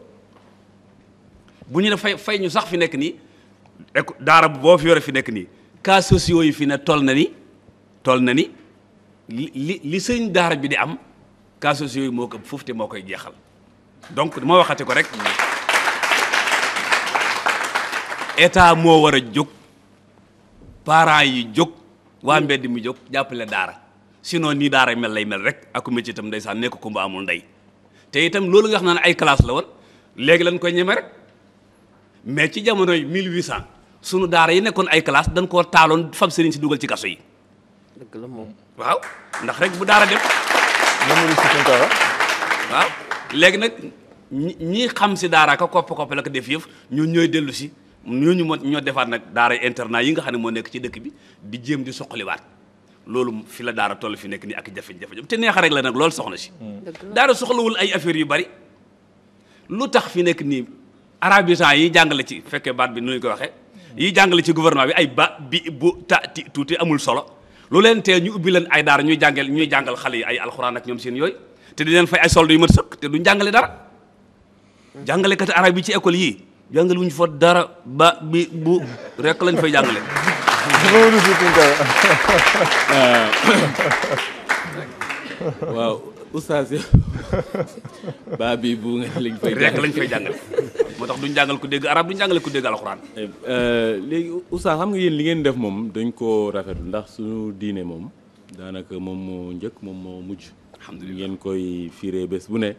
bu ñu ne fay fay ñu sax fi nekk nii daara boo fi yore fi nekk nii cas sociaux yi fi ne toll na ni toll na ni li li li daara bi di am cas sociaux yi moo ko foofu te moo koy jeexal donc ma waxati ko rek état moo war a jóg parent yi jóg waa mbedd mi jóg jàppale daara sinon nii daaray mel lay mel rek ak métier itam ndeysaan nekk kumba amul ndey te itam loolu nga xam ne ay classe la woon léegi lañ koy ñeme rek mais ci jamonoy 1800 sunu daara yi nekkoon ay classe dañ koo taaloon fab sëriñ si dugal ci kaso yi. dëgg la moom waaw ndax rek bu daara dem. ñoom waaw léegi nag ñi ñi xam si daaraa ka kopp kopp la ko def yëf ñu ñooy dellu si ñooñu moo ñoo defaat nag daara internat yi nga xam ne moo nekk ci dëkk bi di jéem di suqaliwaat. loolu fi la daara toll fi nekk nii ak jafe-jafe te neexa rek la nag loolu soxna si. daara soxlawul ay affaires yu bari lu tax fi nekk nii arabisants yi jàngale ci fekkee baat bi nu ko waxee. yi jàngale ci gouvernement bi ay ba bi bu ta ti tuuti amul solo lu leen tee ñu ubbi leen ay daara ñuy jàngal ñuy jàngal xale yi ay alxuraan ak ñoom seen yooyu te di leen fay ay solde yu mat sëkk te duñ jàngale dara. jàngalekati arab yi ci école yii jàngale wuñ fa dara ba bi bu rek lañ fay jàngale. Doğrusu Tuncay. waaw oustaz yow baa bii bu nga lañ fay rek jàngal moo tax duñ jàngal ku dégg arab duñ jàngale ku dégg alxuraan eh, eh, léegi oustaz xam nga yéen li ngeen def moom dañ koo rafetlu ndax suñu diine moom daanaka moom moo njëkk moom moo mujj alhamdulilah ngeen koy firee bés bu ne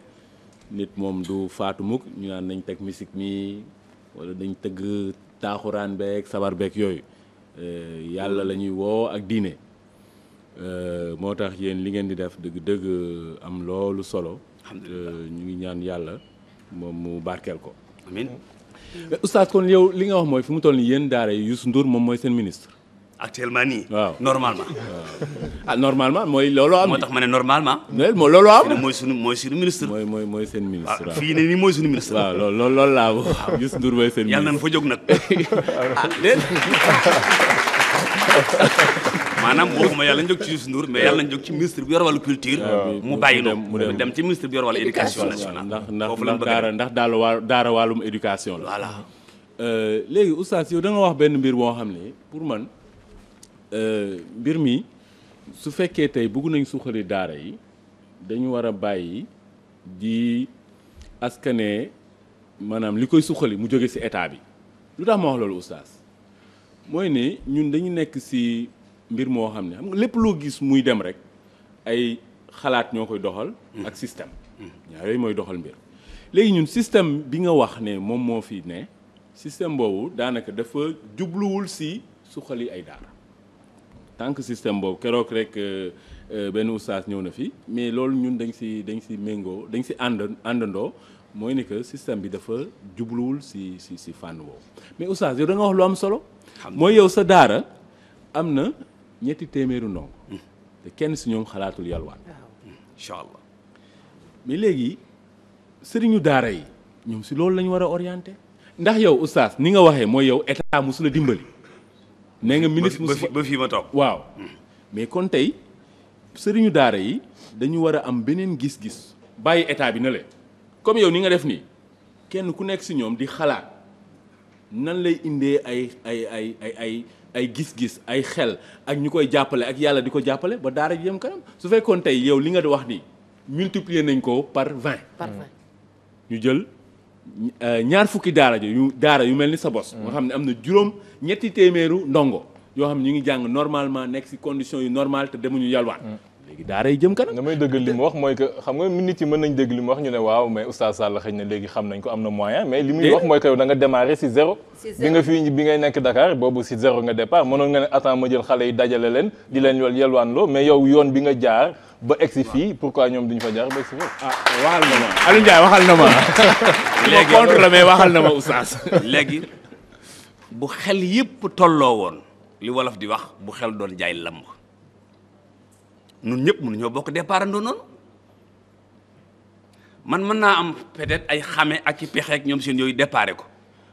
nit moom du faatu mukk ñu naan nañ teg musique mi wala dañ tëgg taaxuraan beeg sabar beeg yooyu Euh, yàlla lañuy ñuy woo ak diine euh, moo tax yéen li ngeen di def dëgg-dëgg am loolu solo euh, ñu ngi ñaan yàlla moom mu barkeel ko amiin oustaz kon yow li nga wax mooy fi mu toll nii yéen daara yi Youssou Ndour moom mooy seen ministre actuellement nii. waaw normalement. ah normalement mooy looloo am. moo tax ma ne normalement. looloo am mooy sunu mooy sunu ministre. mooy mooy mooy seen ministre. waaw fii ne nii mooy sunu ministre. waaw lool lool loolu laa wax Youssou Ndour mooy seen ministre. yàlla nañ fa jóg nag ah maanaam waxuma yàlla nañ jóg ci Youssou Ndour mais yàlla nañ jóg ci ministre bi yor wàllu culture. mu bàyyi noonu dem ci ministre bi yor wàllu éducation nationale. foofu la mu bëgg a dem ndax ndax daara ndax daara wàllum éducation la. voilà euh, léegi oustaz yow da nga wax benn mbir boo xam ne pour man. Euh, mbir mi su fekkee tey bëgg nañ suqali daara yi dañu war a bàyyi di askane maanaam li koy suqali mu jóge ci état bi lu tax ma wax loolu oustaz mooy ne ñun dañu nekk ci mbir moo xam ne xam nga lépp loo gis muy dem rek ay xalaat ñoo koy doxal. ak système. ñaar yooyu mooy doxal mbir. léegi ñun système bi nga wax ne moom moo fi ne système boobu daanaka dafa jubluwul ci suqali ay daara. tant système boobu keroog rek euh, euh, benn oustaz ñëw na fi mais loolu ñun dañ si dañ si méngoo dañ si ànd àndandoo mooy ni que système bi dafa jubluwul si si si fànn woowu mais oustaz yow da nga wax lu am solo. mooy yow sa daara am na ñetti téeméeri ndongo. te kenn si ñoom xalaatul yalwaan. incha mais léegi sëriñu daara yi ñoom si loolu la war a orienté. ndax yow oustaz ni nga waxee mooy yow état su la dimbali. nee nga ministre Moussa ba fii ma toog waaw mais kon tey sëriñu daara yi dañu war a am beneen gis-gis bàyyi état bi na le comme yow ni nga def nii kenn ku nekk si ñoom di xalaat nan lay indee ay ay ay ay ay ay gis-gis ay xel ak ñu koy jàppale ak yàlla di ko jàppale ba daara ji dem kanam su fekkoon tey yow li nga di wax ni multiplier nañ ko par vingt par ñu jël ñaar fukki daara yu daara yu mel ni sa bos. Mm. nga xam ne am na juróom ñetti téeméeru ndongo yoo xam ne ñu ngi jàng normalement nekk ci conditions yu normal te demuñu yalwaan. Mm. léegi daara jëm kanam. damay dëgg li wax mooy que xam nga nit yi mën nañ dëgg li mu wax ñu ne waaw mais oustaz Sall xëy na léegi xam nañ ko am na moyen mais li muy wax mooy que yow da nga démarré si zéro bi nga fii bi ngay nekk Dakar boobu si zéro nga départ mënoon nga ne attends ma jël xale yi dajale leen di leen yol yelwaan loo mais yow yoon bi nga jaar ba egsi fii pourquoi ñoom duñu fa jaar ba egsi fii ah waxal na ma Aliou Ndiaye waxal na ma léegi contre la mais waxal na ma oustaz léegi bu xel yëpp tolloo woon li wolof di wax bu xel doon jaay lamb nun ñëpp nu ñoo bokk départ andoo noonu man mën naa am peut-être ay xame ak ki pexe ak ñoom seen yooyu déparé ko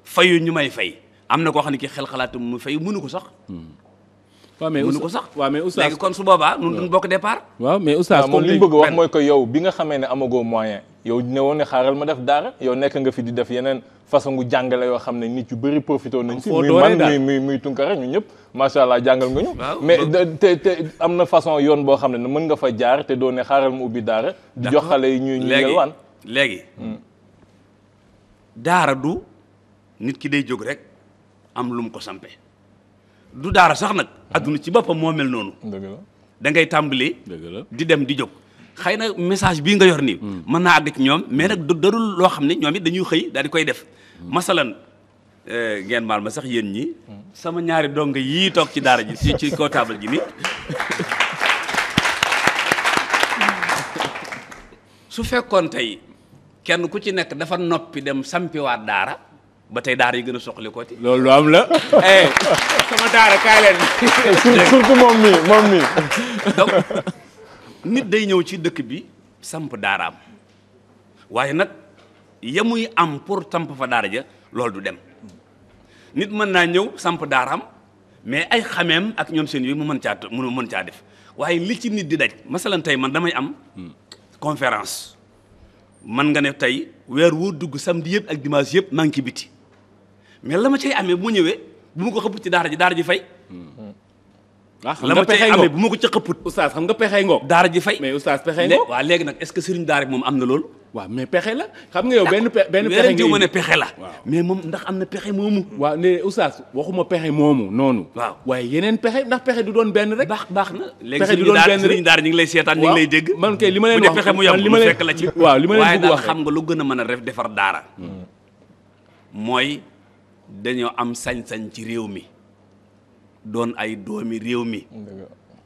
fayu ñu may fay am na koo xam ne ki xel xalaat mu fay munu hmm. ko sax. waaw mais mënu ko sax waaw mais oustaz léegi kon su boobaa nun duñ bokk départ. waaw mais oustaz kon li ñu bëgg wax mooy ko yow bi nga xamee ne amagoo moyen. yow ne woon ne xaaral ma def daara yow nekk nga fi di def yeneen façon gu jàngale yoo xam ne nit yu bëri profité nañ si muy man muy muy muy tunkara ñu ñëpp macha allah jàngal nga ñu mais te te am na façon yoon boo xam ne mën nga fa jaar te doo ne xaaral ma ubbi daara di jox xale yi ñuy ñu yelwaan léegi hmm. daara du nit ki day jóg rek am lu mu ko sampe du daara sax nag hmm. adduna ci boppam moo mel noonu da ngay tàmbali di dem di jóg xëy na message bii nga yor nii. Hmm. mën naa àgg ci ñoom mais nag darul loo xam ne ñoom it dañuy xëy daal koy def. Hmm. masalan eh, ngeen maal ma sax yéen ñi. Hmm. sama ñaari dong yii toog ci daara ji ci kaw taabal ji nii. su fekkoon tey kenn ku ci nekk dafa noppi dem sampiwaat daara. ba tey daara yi gën a soxla ko loolu am la. Eh, sama daara kaay leen. surtout moom mi moom mi. nit day ñëw ci dëkk bi samp daaraam waaye nag yamuy am pour samp fa daara ja loolu du dem nit mën naa ñëw samp daaraam mais ay xameem ak ñoom seen yooyu mu mën caa mu mën caa def waaye li ci nit di daj masalan tey man damay am hmm. conférence man nga ne tey weer woo dugg samedi yëpp ak dimanche yëpp maa biti mais la ma cay amee bu mu ñëwee bu ma ko xëpp ci daara ji daara ji fay hmm. Ah, la ma cay amee bu ma ko ca xëpput oustaz xam nga pexey ngoog daara ji fay mais oustaz pexey ngoog waaw léegi nag est-ce que sëriñ daara moom am na loolu waaw mais pexe la xam nga yow benn pexe benn pexe a pexe la mais moom ndax am na pexe moomu waaw ne oustaz waxuma pexe moomu noonu waa waaye yeneen pexe ndax pexe du doon benn rek baax baax na léegi pexe du doon benn rek daara ñu ngi lay seetaan ñu ngi lay dégg man kay li ma leen wax pexe mu yam lu fekk la ci waaw li ma leen bëgg wax xam nga lu gën a man a ref defar daara hmm. mooy dañoo am sañ-sañ ci réew mi doon ay doomi réew mi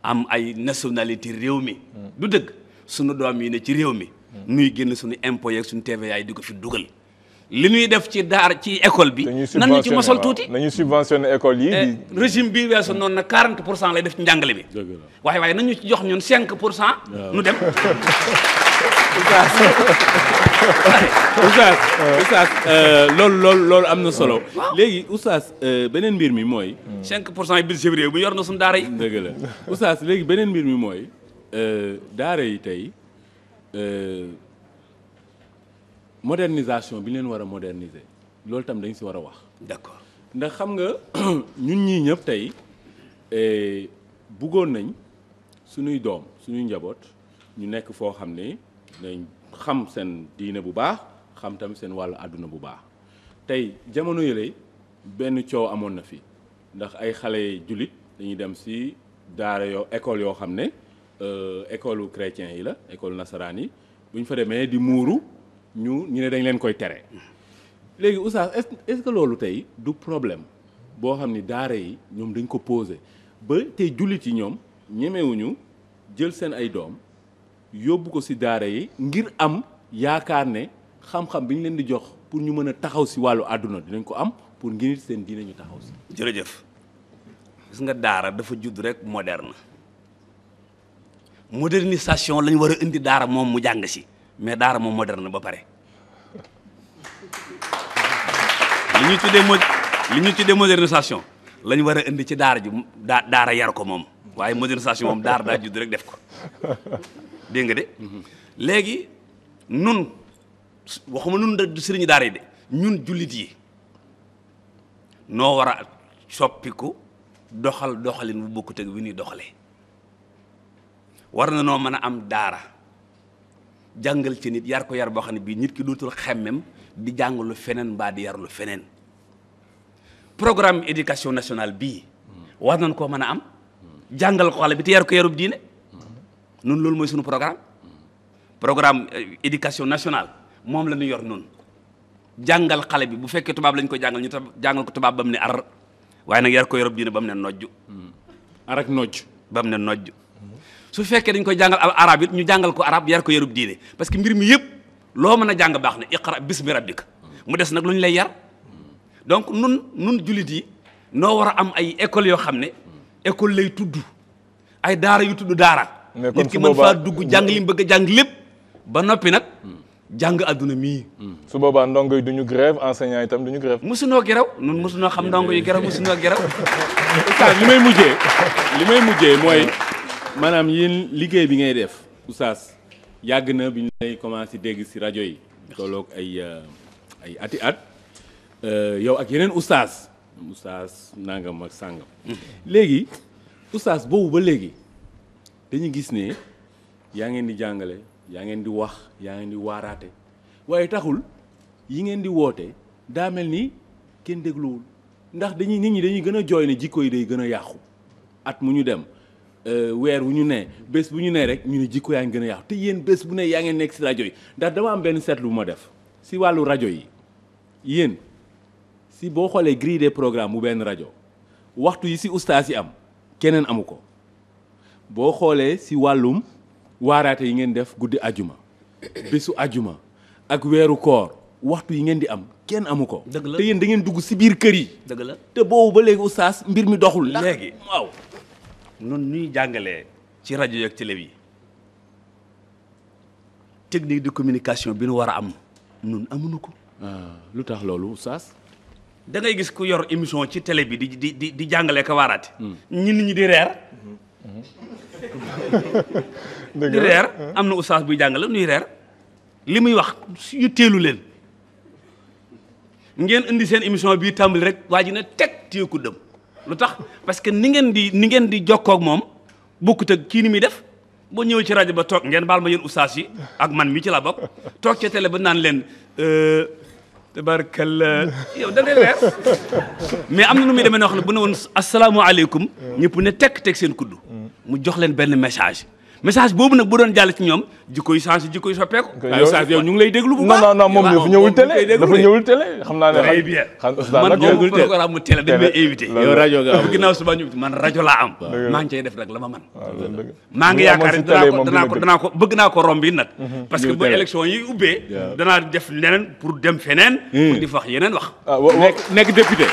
am ay nationalité réew mi hmm. du dëgg sunu doom yi ne ci réew mi nuy hmm. génn suñu impôt suñu TVA yi di ko fi dugal li ñuy def ci daar ci école bi nan ñu ci mosal tuuti nañu subventionné école yi eh, régime bi weesu noonu na 40 pour cent lay def ci njàngale bi waaye waaye nañu ci jox ñun 5 pour cent nu dem oustaz oustaz euh, loolu loolu loolu am na solo. léegi oustaz euh, beneen mbir mi mooy. 5 hmm. pour cent yi budget bi réew mi yor na suñ daara yi. dëgg la oustaz léegi beneen mbir mi mooy euh, daara yi tey modernisation bi leen war a moderniser loolu tam dañ si war a wax. d'accord ndax xam nga ñun ñii ñëpp tey buggoon nañ suñuy doom suñuy njaboot ñu nekk foo xam ne nañ. xam seen diine bu baax xam tamit seen wàll àdduna bu baax tey jamono yële benn coow amoon na fi ndax ay xale jullit dañuy dem si daara yoo école yoo xam ne euh, école chrétien yi la école nasaraan yi bu ñu fa demee di muuru ñu ñu ne dañ leen koy tere léegi oustaz est ce que loolu tey du problème boo xam ni daara yi ñoom dañ ko posé ba tey jullit yi ñoom ñemewuñu jël seen ay doom yóbbu ko si daara yi ngir am yaakaar ne xam-xam bi ñu leen di jox pour ñu mën a taxaw si wàllu àdduna dinañ ko am pour ngir seen diine ñu taxaw si. jërëjëf gis nga daara dafa judd rek moderne modernisation lañu war a indi daara moom mu jàng si mais daara moom moderne ba pare. li ñu tuddee mo li ñu tuddee modernisation lañ war a indi ci daara ji daara yar ko moom waaye modernisation moom daara daa judd rek def ko. dégg nga de. léegi nun waxuma nun da sëriñ daara yi de ñun jullit yi noo war a soppiku doxal doxalin bu bokkut ak wi ñuy doxalee war na noo mën a am daara jàngal ci nit yar ko yar boo xam ne bii nit ki dootul xemmem di jàngalu feneen mbaa di yarlu feneen programme éducation nationale bii war nañ koo mën a am jàngal ko xale bi te yar ko yarub diine noonu loolu mooy suñu programme programme euh, éducation nationale moom la ñu yor noonu jàngal xale bi bu fekkee tubaab lañ ko jàngal ñu ta jàngal ko tubaab ba ne ar waaye nag yar ko yorob diine ba mu ne hmm. nojj ar nojj ba mu nojj su fekkee dañ koy jàngal arab ñu jàngal ko arab yar ko yarub diine parce que mbir mi yëpp loo mën a jàng baax na iqra bismi rabbika mu des nag lu ñu lay yar donc nun nun jullit yi noo war a am ay école yoo xam ne école lay tudd ay daara yu tudd daara mais nit ki mën faa dugg jàng li bëgg a jàng lépp ba noppi nag jàng àdduna mii. su boobaa ndongo yi du ñu grève enseignant yi itam du ñu grève. mosunoo geraw ñun mosunoo xam ndongo yi geraw mosunoo geraw. oustaz li may mujjee li may mujjee mooy maanaam yéen liggéey bi ngay def oustaz yàgg na bi ñu lay commencé dégg si rajo yi. tolloog ay euh, ay ati at euh, yow ak yeneen oustaz oustaz nangam ak sàngam mm-hmm. léegi oustaz boobu ba léegi. dañu gis ne yaa ngeen di jàngale yaa ngeen di wax yaa ngeen di waaraate waaye taxul yi ngeen di woote daa mel ni kenn dégluwul ndax dañuy nit ñi dañuy gën a jooy ne jikko yi day gën a yàqu at mu ñu dem euh, weer wu ñu ne bés bu ñu ne rek ñu ne jikko yaa ngi gën a yàqu te yéen bés bu ne yaa ngeen nekk si rajo yi ndax dama am benn seetlu bu ma def si wàllu rajo yi yéen si boo xoolee gride programme programmes bu benn rajo waxtu yi si ustaas yi am keneen amu ko boo xoolee si wàllum waaraate yi ngeen def guddi ajuma bésu ajuma ak weeru koor waxtu yi ngeen di am kenn amu ko. dëgg la te yéen da ngeen dugg si biir kër yi. dëgg te boobu ba léegi oustaz mbir mi doxul. léegi waaw. noonu ñuy jàngalee. ci rajo yeeg télé bi technique de communication bi nu war a am nun amuñu ko. Ah, lu tax loolu oustaz. dangay gis ku yor émission ci tele bi di di di di jàngale ko waaraate. Hmm. ñun ñi di reer. Hmm. Mm-hmm. di reer am na oustaz buy jàngale ñuy reer li muy wax yu teelu leen ngeen indi seen émission bii tàmbali rek waa ji ne teg téye ku dëm lu tax parce que ni ngeen di ni ngeen di jokkook ak moom bokkut ak kii ni muy def boo ñëwee ci rajo ba toog ngeen baal ma yéen oustaz yi ak man mi ci laa bokk toog ca télé ba naan leen euh, tabarkalla yow da ngay mais am na nu muy demee na xam ne bu ne woon asalaamaaleykum ñëpp ne tekk teg seen kuddu mu jox leen benn message message boobu nag bu doon jàll ci ñoom jikko yi changé jikko yi soppeeku. yow ñu ngi lay déglu bu baax non non moom dafa ñëwul télé dafa ñëwul bien man moom programme mu télé dañ rajo nga am ginnaaw suba ñu man rajo laa am maa ngi def nag la ma man maa ngi yaakaar ne danaa ko danaa bëgg naa ko romb yi nag mhm. parce que bu élection yi ubbee danaa def leneen pour dem feneen hmm. pour di yeneen wax ah, nekk député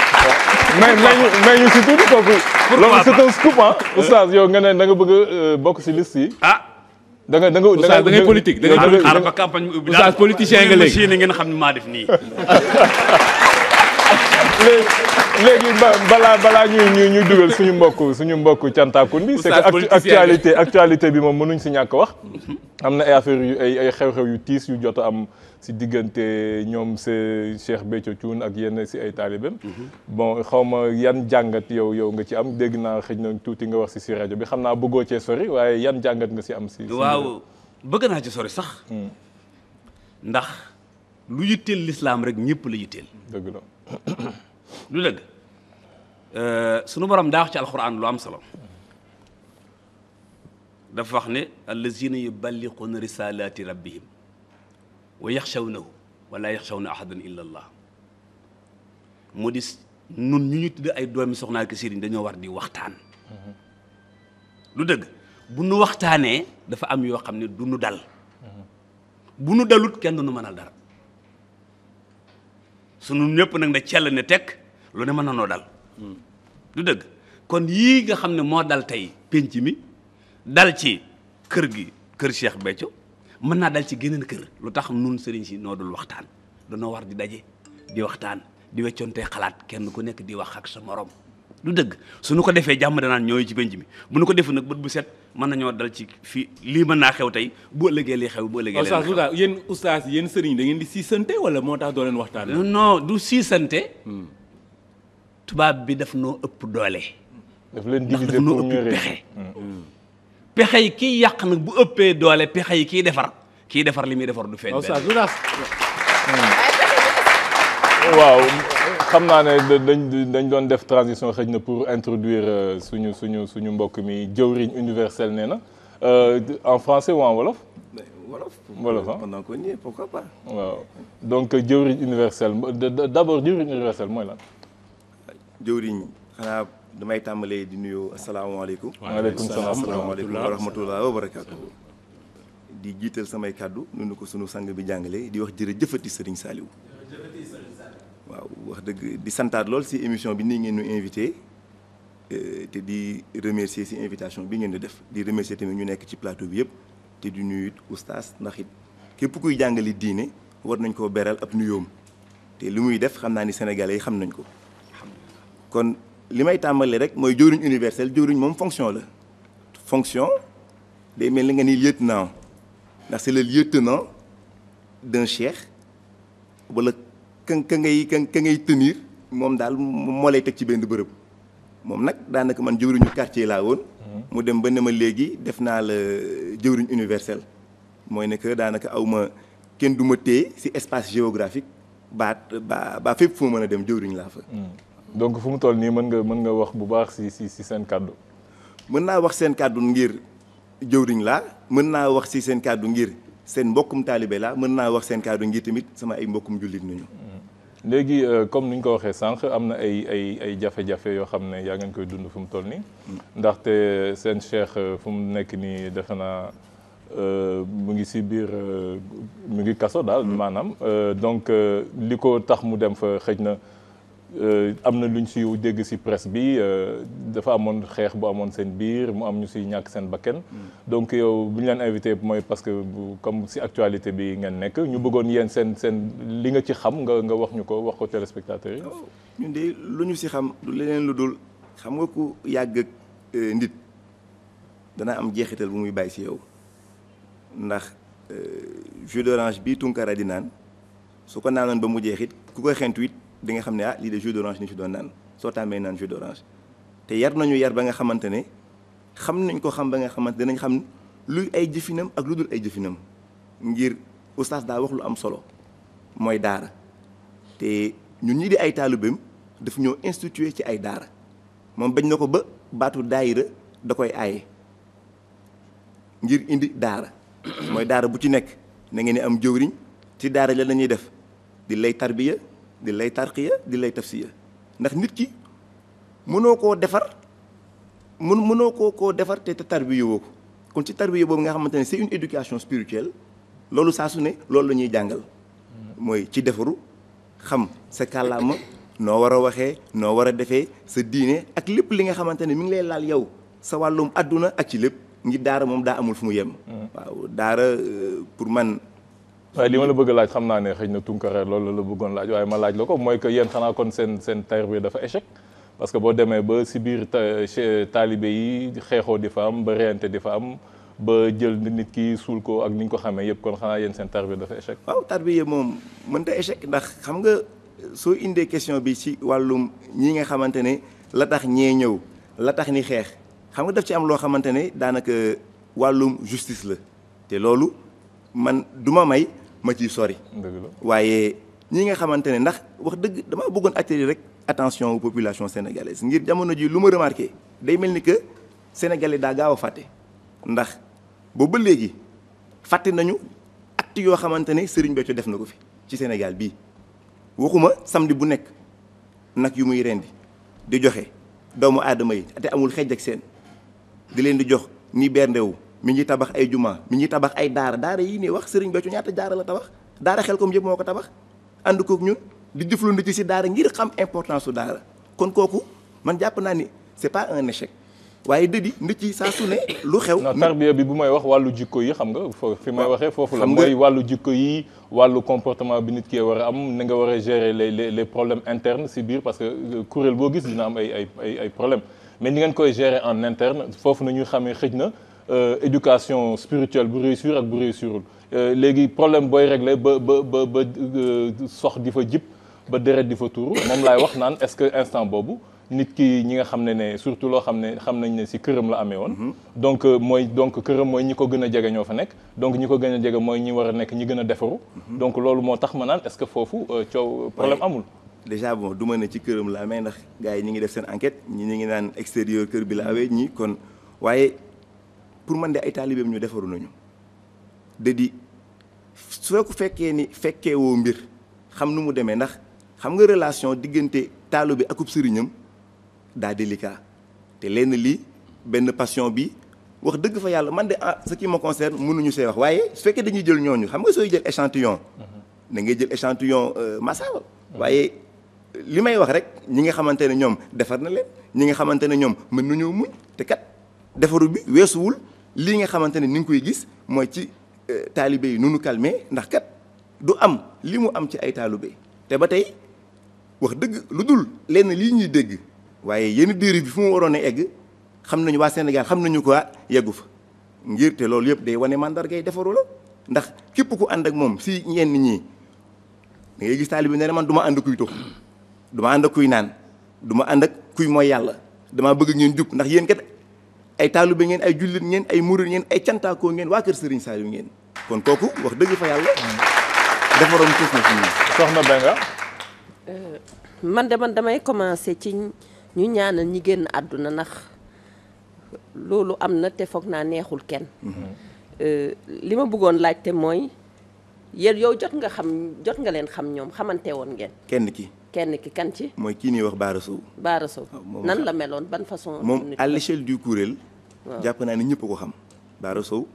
mais mais ñu si tuuti kooku. loolu c'est un scoop yow nga ne da nga bëgg a euh, bokk si liste yi. ah. da da nga oustaz da ngay da ngay. xaaral ba campagne bi oustaz politicien nga léegi ngeen xam ne maa def nii. léegi ba balaa balaa ñuy ñu dugal suñu mbokk suñu mbokk cantakun bi c'est que actualité actualité bi moom mënuñ si ñàkk wax am na ay affaire yu ay ay xew-xew yu tiis yu jot am si diggante ñoom c'est Cheikh Béthio Thioune ak yenn si ay taalibeem mhm. bon xaw ma yan jàngat yow yow nga ci am dégg naa xëj na tuuti nga wax si si rajo bi xam naa bëggoo cee sori waaye yan jàngat nga si am si waaw bëgg naa ci sori sax hmm. ndax lu yitteel lislaam rek ñëpp la yitteel dëgg la lu dëgg euh, sunu borom daa wax ci alxuraan lu am solo dafa wax ne allazina yuballiquuna risalati rabbihim wa yaxshawnahu wala yaxshawna ahadan illa allah mu di nun ñu ñu tudd ay doomi soxnaa ki sëriñ dañoo war di waxtaan lu dëgg bu nu waxtaanee dafa am yoo xam ne du nu dal mhm. bu nu dalut kenn du nu mënal dara sunu ñëpp nag ne cell ne tekk lu ne mën na noo dal du dëgg kon yii nga xam ne moo dal tey pénc mi dal ci kër gi kër Cheikh Béthio mën naa dal ci geneen kër lu tax nun sëriñ si noo dul waxtaan danoo war di daje di waxtaan di weccoonte xalaat kenn ku nekk di wax ak sa morom du dëgg su nu ko defee jàmm danaan ñooyu ci benj mi bu nu ko defu nag bët bu set mën nañoo dal ci fii lii ma naa xew tey bu ëllëgee li xew bu ëllëgee oustaz oustaz yéen yéen sëriñ da ngeen di siisante wala moo tax doo leen waxtaan non du siisante hmm. tubaab bi daf noo ëpp doole daf leen diviser pour noo ëpp pexe hmm. pexe yi kiy yàq nag bu ëppee doole pexe yi kii defar kiy defar li muy defar du feeñ benn hmm. xam naa ne dañ doon def transition xëj na pour introduire euh, suñu suñu suñu mbokk mi jëwriñ universel nee na euh, en français ou en wolof. wolof wolof ah pendant qu'on y est pourquoi pas. waaw donc jëwriñ universel d'abord jëwriñ universel mooy lan. jëwriñ xanaa damay tàmbalee di nuyu asalaamaaleykum. waaleykum salaam wa rahmatulah wa barakaatu. di jiital samay kàddu nu ko sunu sang bi jàngalee di wax jërëjëfati Serigne Saliou. waaw wax dëgg di santaat lool si émission bi nii ngeen ñu invité euh, te di remercier si invitation bi ngeen di def di remercier tamit ñu nekk ci plateau bi yëpp te di nuyu it oustaz ndax it képp kuy jàngali diine war nañ koo beral ab nuyoom te li muy def xam naa ni sénégalais yi xam nañ ko kon li may tàmbali rek mooy jëwriñ universel jëwriñ moom fonction la fonction day mel ni nga ni lieutenant ndax c'est le lieutenant d'un cheikh ka ka ngay ka ngay tenir moom daal moo lay teg ci benn bërëb moom nag daanaka man jëwriñu quartier laa woon. Mhm. mu dem ba ne ma léegi def naa la jëwriñ universel. mooy ne que daanaka aw ma kenn du ma si espace géographique baat baa ba fépp fu ma mën a dem jëwriñ laa fa. Mhm. donc fu mu toll nii mën nga mën nga wax bu baax si si si seen kàddu. mën naa wax seen kàddu ngir jëwriñ laa mën naa wax si seen kàddu ngir seen mbokkum taalibe laa mën naa wax seen kàddu ngir tamit sama ay mbokkum jullit nañu. Mhm. léegi euh, comme ni ñu ko waxee sànq am na ay ay ay jafe-jafe yoo xam ne yaa ngeen koy dund fum mu toll nii. ndaxte seen cheikh euh, fum nekk nii defe naa euh, mu ngi si biir mu ngi kaso daal. maanaam donc li ko tax mu dem fa xëj na. Euh, am na lu ñu si dégg si presse bi euh, dafa amoon xeex bu amoon seen biir mu am ñu si ñàkk seen bakken mm. donc yow bu ñu leen invité mooy parce que comme si actualité bi ngeen nekk ñu bëggoon yéen seen seen li nga ci xam nga nga wax ñu ko wax ko téléspectateurs yi. Oh, ñun de lu ñu si xam du leneen lu dul xam nga ku yàgg ak euh, nit dana am jeexital bu muy bàyyi si yow ndax jus d'orange bi Tunkara di naan su ko naanoon ba mu jeexit ku koy xentu it di nga xam ne ah lii de jus d'orange ni ci doon naan soo tàmmee naan jus d'orange te yar nañu yar ba nga xamante ne xam nañ ko xam ba nga xamante dinañ xam luy ay jëfinam ak lu dul ay jëfinam ngir oustaz daa wax lu am solo mooy daara te ñun ñii di ay taalibeem daf ñoo institué ci ay daara moom bañ na ko ba baatu daayira da koy aaye ngir indi daara mooy daara bu ci nekk na ngeen ni am jëwriñ ci daara la la ñuy def di lay tarbiya di lay tarqiya di lay tafsiya ndax nit ki mënoo koo defar mën mënoo koo koo defar te tarbi tarbiya ko kon ci tarbiya boobu nga xamante ne c'est une éducation spirituelle loolu saa su ne loolu la ñuy jàngal mooy ci defaru xam sa kàllaama noo war a waxee noo war a defee sa diine ak lépp li nga xamante ne mi ngi lay laal yow sa wàllum àdduna ak ci lépp ngir daara moom daa amul fu mu yem hmm. waaw daara euh, pour man waaye li ma la bëgg laaj xam naa ne xëy na Tounkara loolu la bëggoon laaj waaye ma laaj la ko mooy que yéen xanaa kon seen seen terre dafa échec parce que boo demee ba si biir taalibe yi xeexoo di fa am ba reyante di fa am ba jël nit ki suul ko ak ni ko xamee yëpp kon xanaa yéen seen tarbiya dafa échec. waaw tarbiya moom mënta échec ndax xam nga soo indee question bi ci wàllum ñi nga xamante ne la tax ñee ñëw la tax ni xeex xam nga daf ci am loo xamante ne daanaka wàllum justice la loolu. man du ma may ma ciy sori. waaye ñi nga xamante ne ndax wax dëgg dama bëggoon attirer rek attention aux population sénégalaise ngir jamono ji lu ma remarqué day mel ni que sénégalais daa gaaw a fàtte ndax boobu léegi fàtte nañu acte yoo xamante ne Serigne Béthio def na ko fi ci Sénégal bii waxuma samdi bu nekk nag yu muy rendi di joxe doomu aadama yi te amul xeej ak seen di leen di jox ni berndewu mi ngi tabax ay juma mi ngi tabax ay daara daara yii nii wax Serigne Béthio ñaata daara la tabax daara xel kom yëpp moo ko tabax ànd kook ñun di jëflandi ci si daara ngir xam importance su daara kon kooku man jàpp naa ni c'est pas un échec waaye dëdi nit yi saa su lu xew. non tarbiya bi bu may wax wàllu jikko yi xam nga. fi may waxee foofu la mooy wàllu jikko yi wàllu comportement bi nit ki war a am na nga war a gérer les les les problèmes internes si biir parce que euh, kuréel boo gis dina am ay ay ay problèmes mais ni ngeen koy gérer en interne foofu na ñuy xamee xëj na. Euh, éducation spirituelle bu réussir ak bu réussirul euh, léegi problème booy réglé ba ba ba ba euh, sox di fa jib ba deret di fa tuuru moom laay wax naan est-ce que instant boobu nit ki ñi nga xam ne ne surtout loo xam ne xam nañ ne si këram la amee woon. Mhm. donc mooy donc këram mooy ñi ko gën a jege ñoo fa nekk. donc ñi ko gën a jege mooy ñi war a nekk ñi gën a defaru. Mhm. donc loolu moo tax ma naan est-ce que foofu coow problème amul. déjà bon du ma ne ci këram la amee ndax gars yi ñi ngi def seen enquête ñi ñu ngi naan extérieur kër bi la awee ñi kon pour man de ay taalibeem ñu defaru nañu de soo ko fekkee ni fekkee woo mbir xam nu mu demee ndax xam nga relation diggante taalibe akub sëriñam daa délicat te lenn li benn passion bi wax dëgg fa yàlla man de ah sa qui me concerne mënuñu see wax waaye su fekkee dañuy jël ñooñu xam nga sooy jël échantillon na mm-hmm. ngay jël échantillon euh, massal waaye li may wax rek ñi nga xamante ne ñoom defar na leen ñi nga xamante ne ñoom mën nañoo muñ te kat defaru bi weesuwul lii nga xamante ne ni nga koy gis mooy ci euh, taalibe yi nu nu calmé ndax kat du am li mu am ci ay taalibe te ba tey wax dëgg lu dul lenn lii ñuy dégg waaye yenn dérive bi fu mu waroon a egg xam nañu waa Sénégal xam nañu ko ah, yeggu fa ngir te loolu yëpp day wane màndargay defaru la ndax képp ku ànd ak moom si ñenn ñi da ngay gis taalibe ne man duma ma ànd kuy tux du ànd ak kuy naan duma ma ànd ak kuy mooy yàlla damaa bëgg ngeen jub ndax yéen kat ay taalibe ngeen ay jullit ngeen ay murid ngeen ay cantaakoo ngeen waa kër Serigne Saliou ngeen kon kooku wax dëgg fa yàlla defaroon tuuf na ci ñun. soxna Benga. Euh, man deman damay commencer ci ñu ñaanal ñi génn àdduna ndax loolu am na te foog naa neexul kenn. Mhm. Euh, li ma bëggoon laajte mooy yéen yow jot nga xam jot nga xam ñoom xamante woon ngeen. kenn ki. kenn ki kan ci. mooy kii ñuy wax Baara Sow. Baara Sow nan la meloon ban façon. moom à l'échelle du kuréel. jàpp naa ne ñëpp ko xam Baara Sow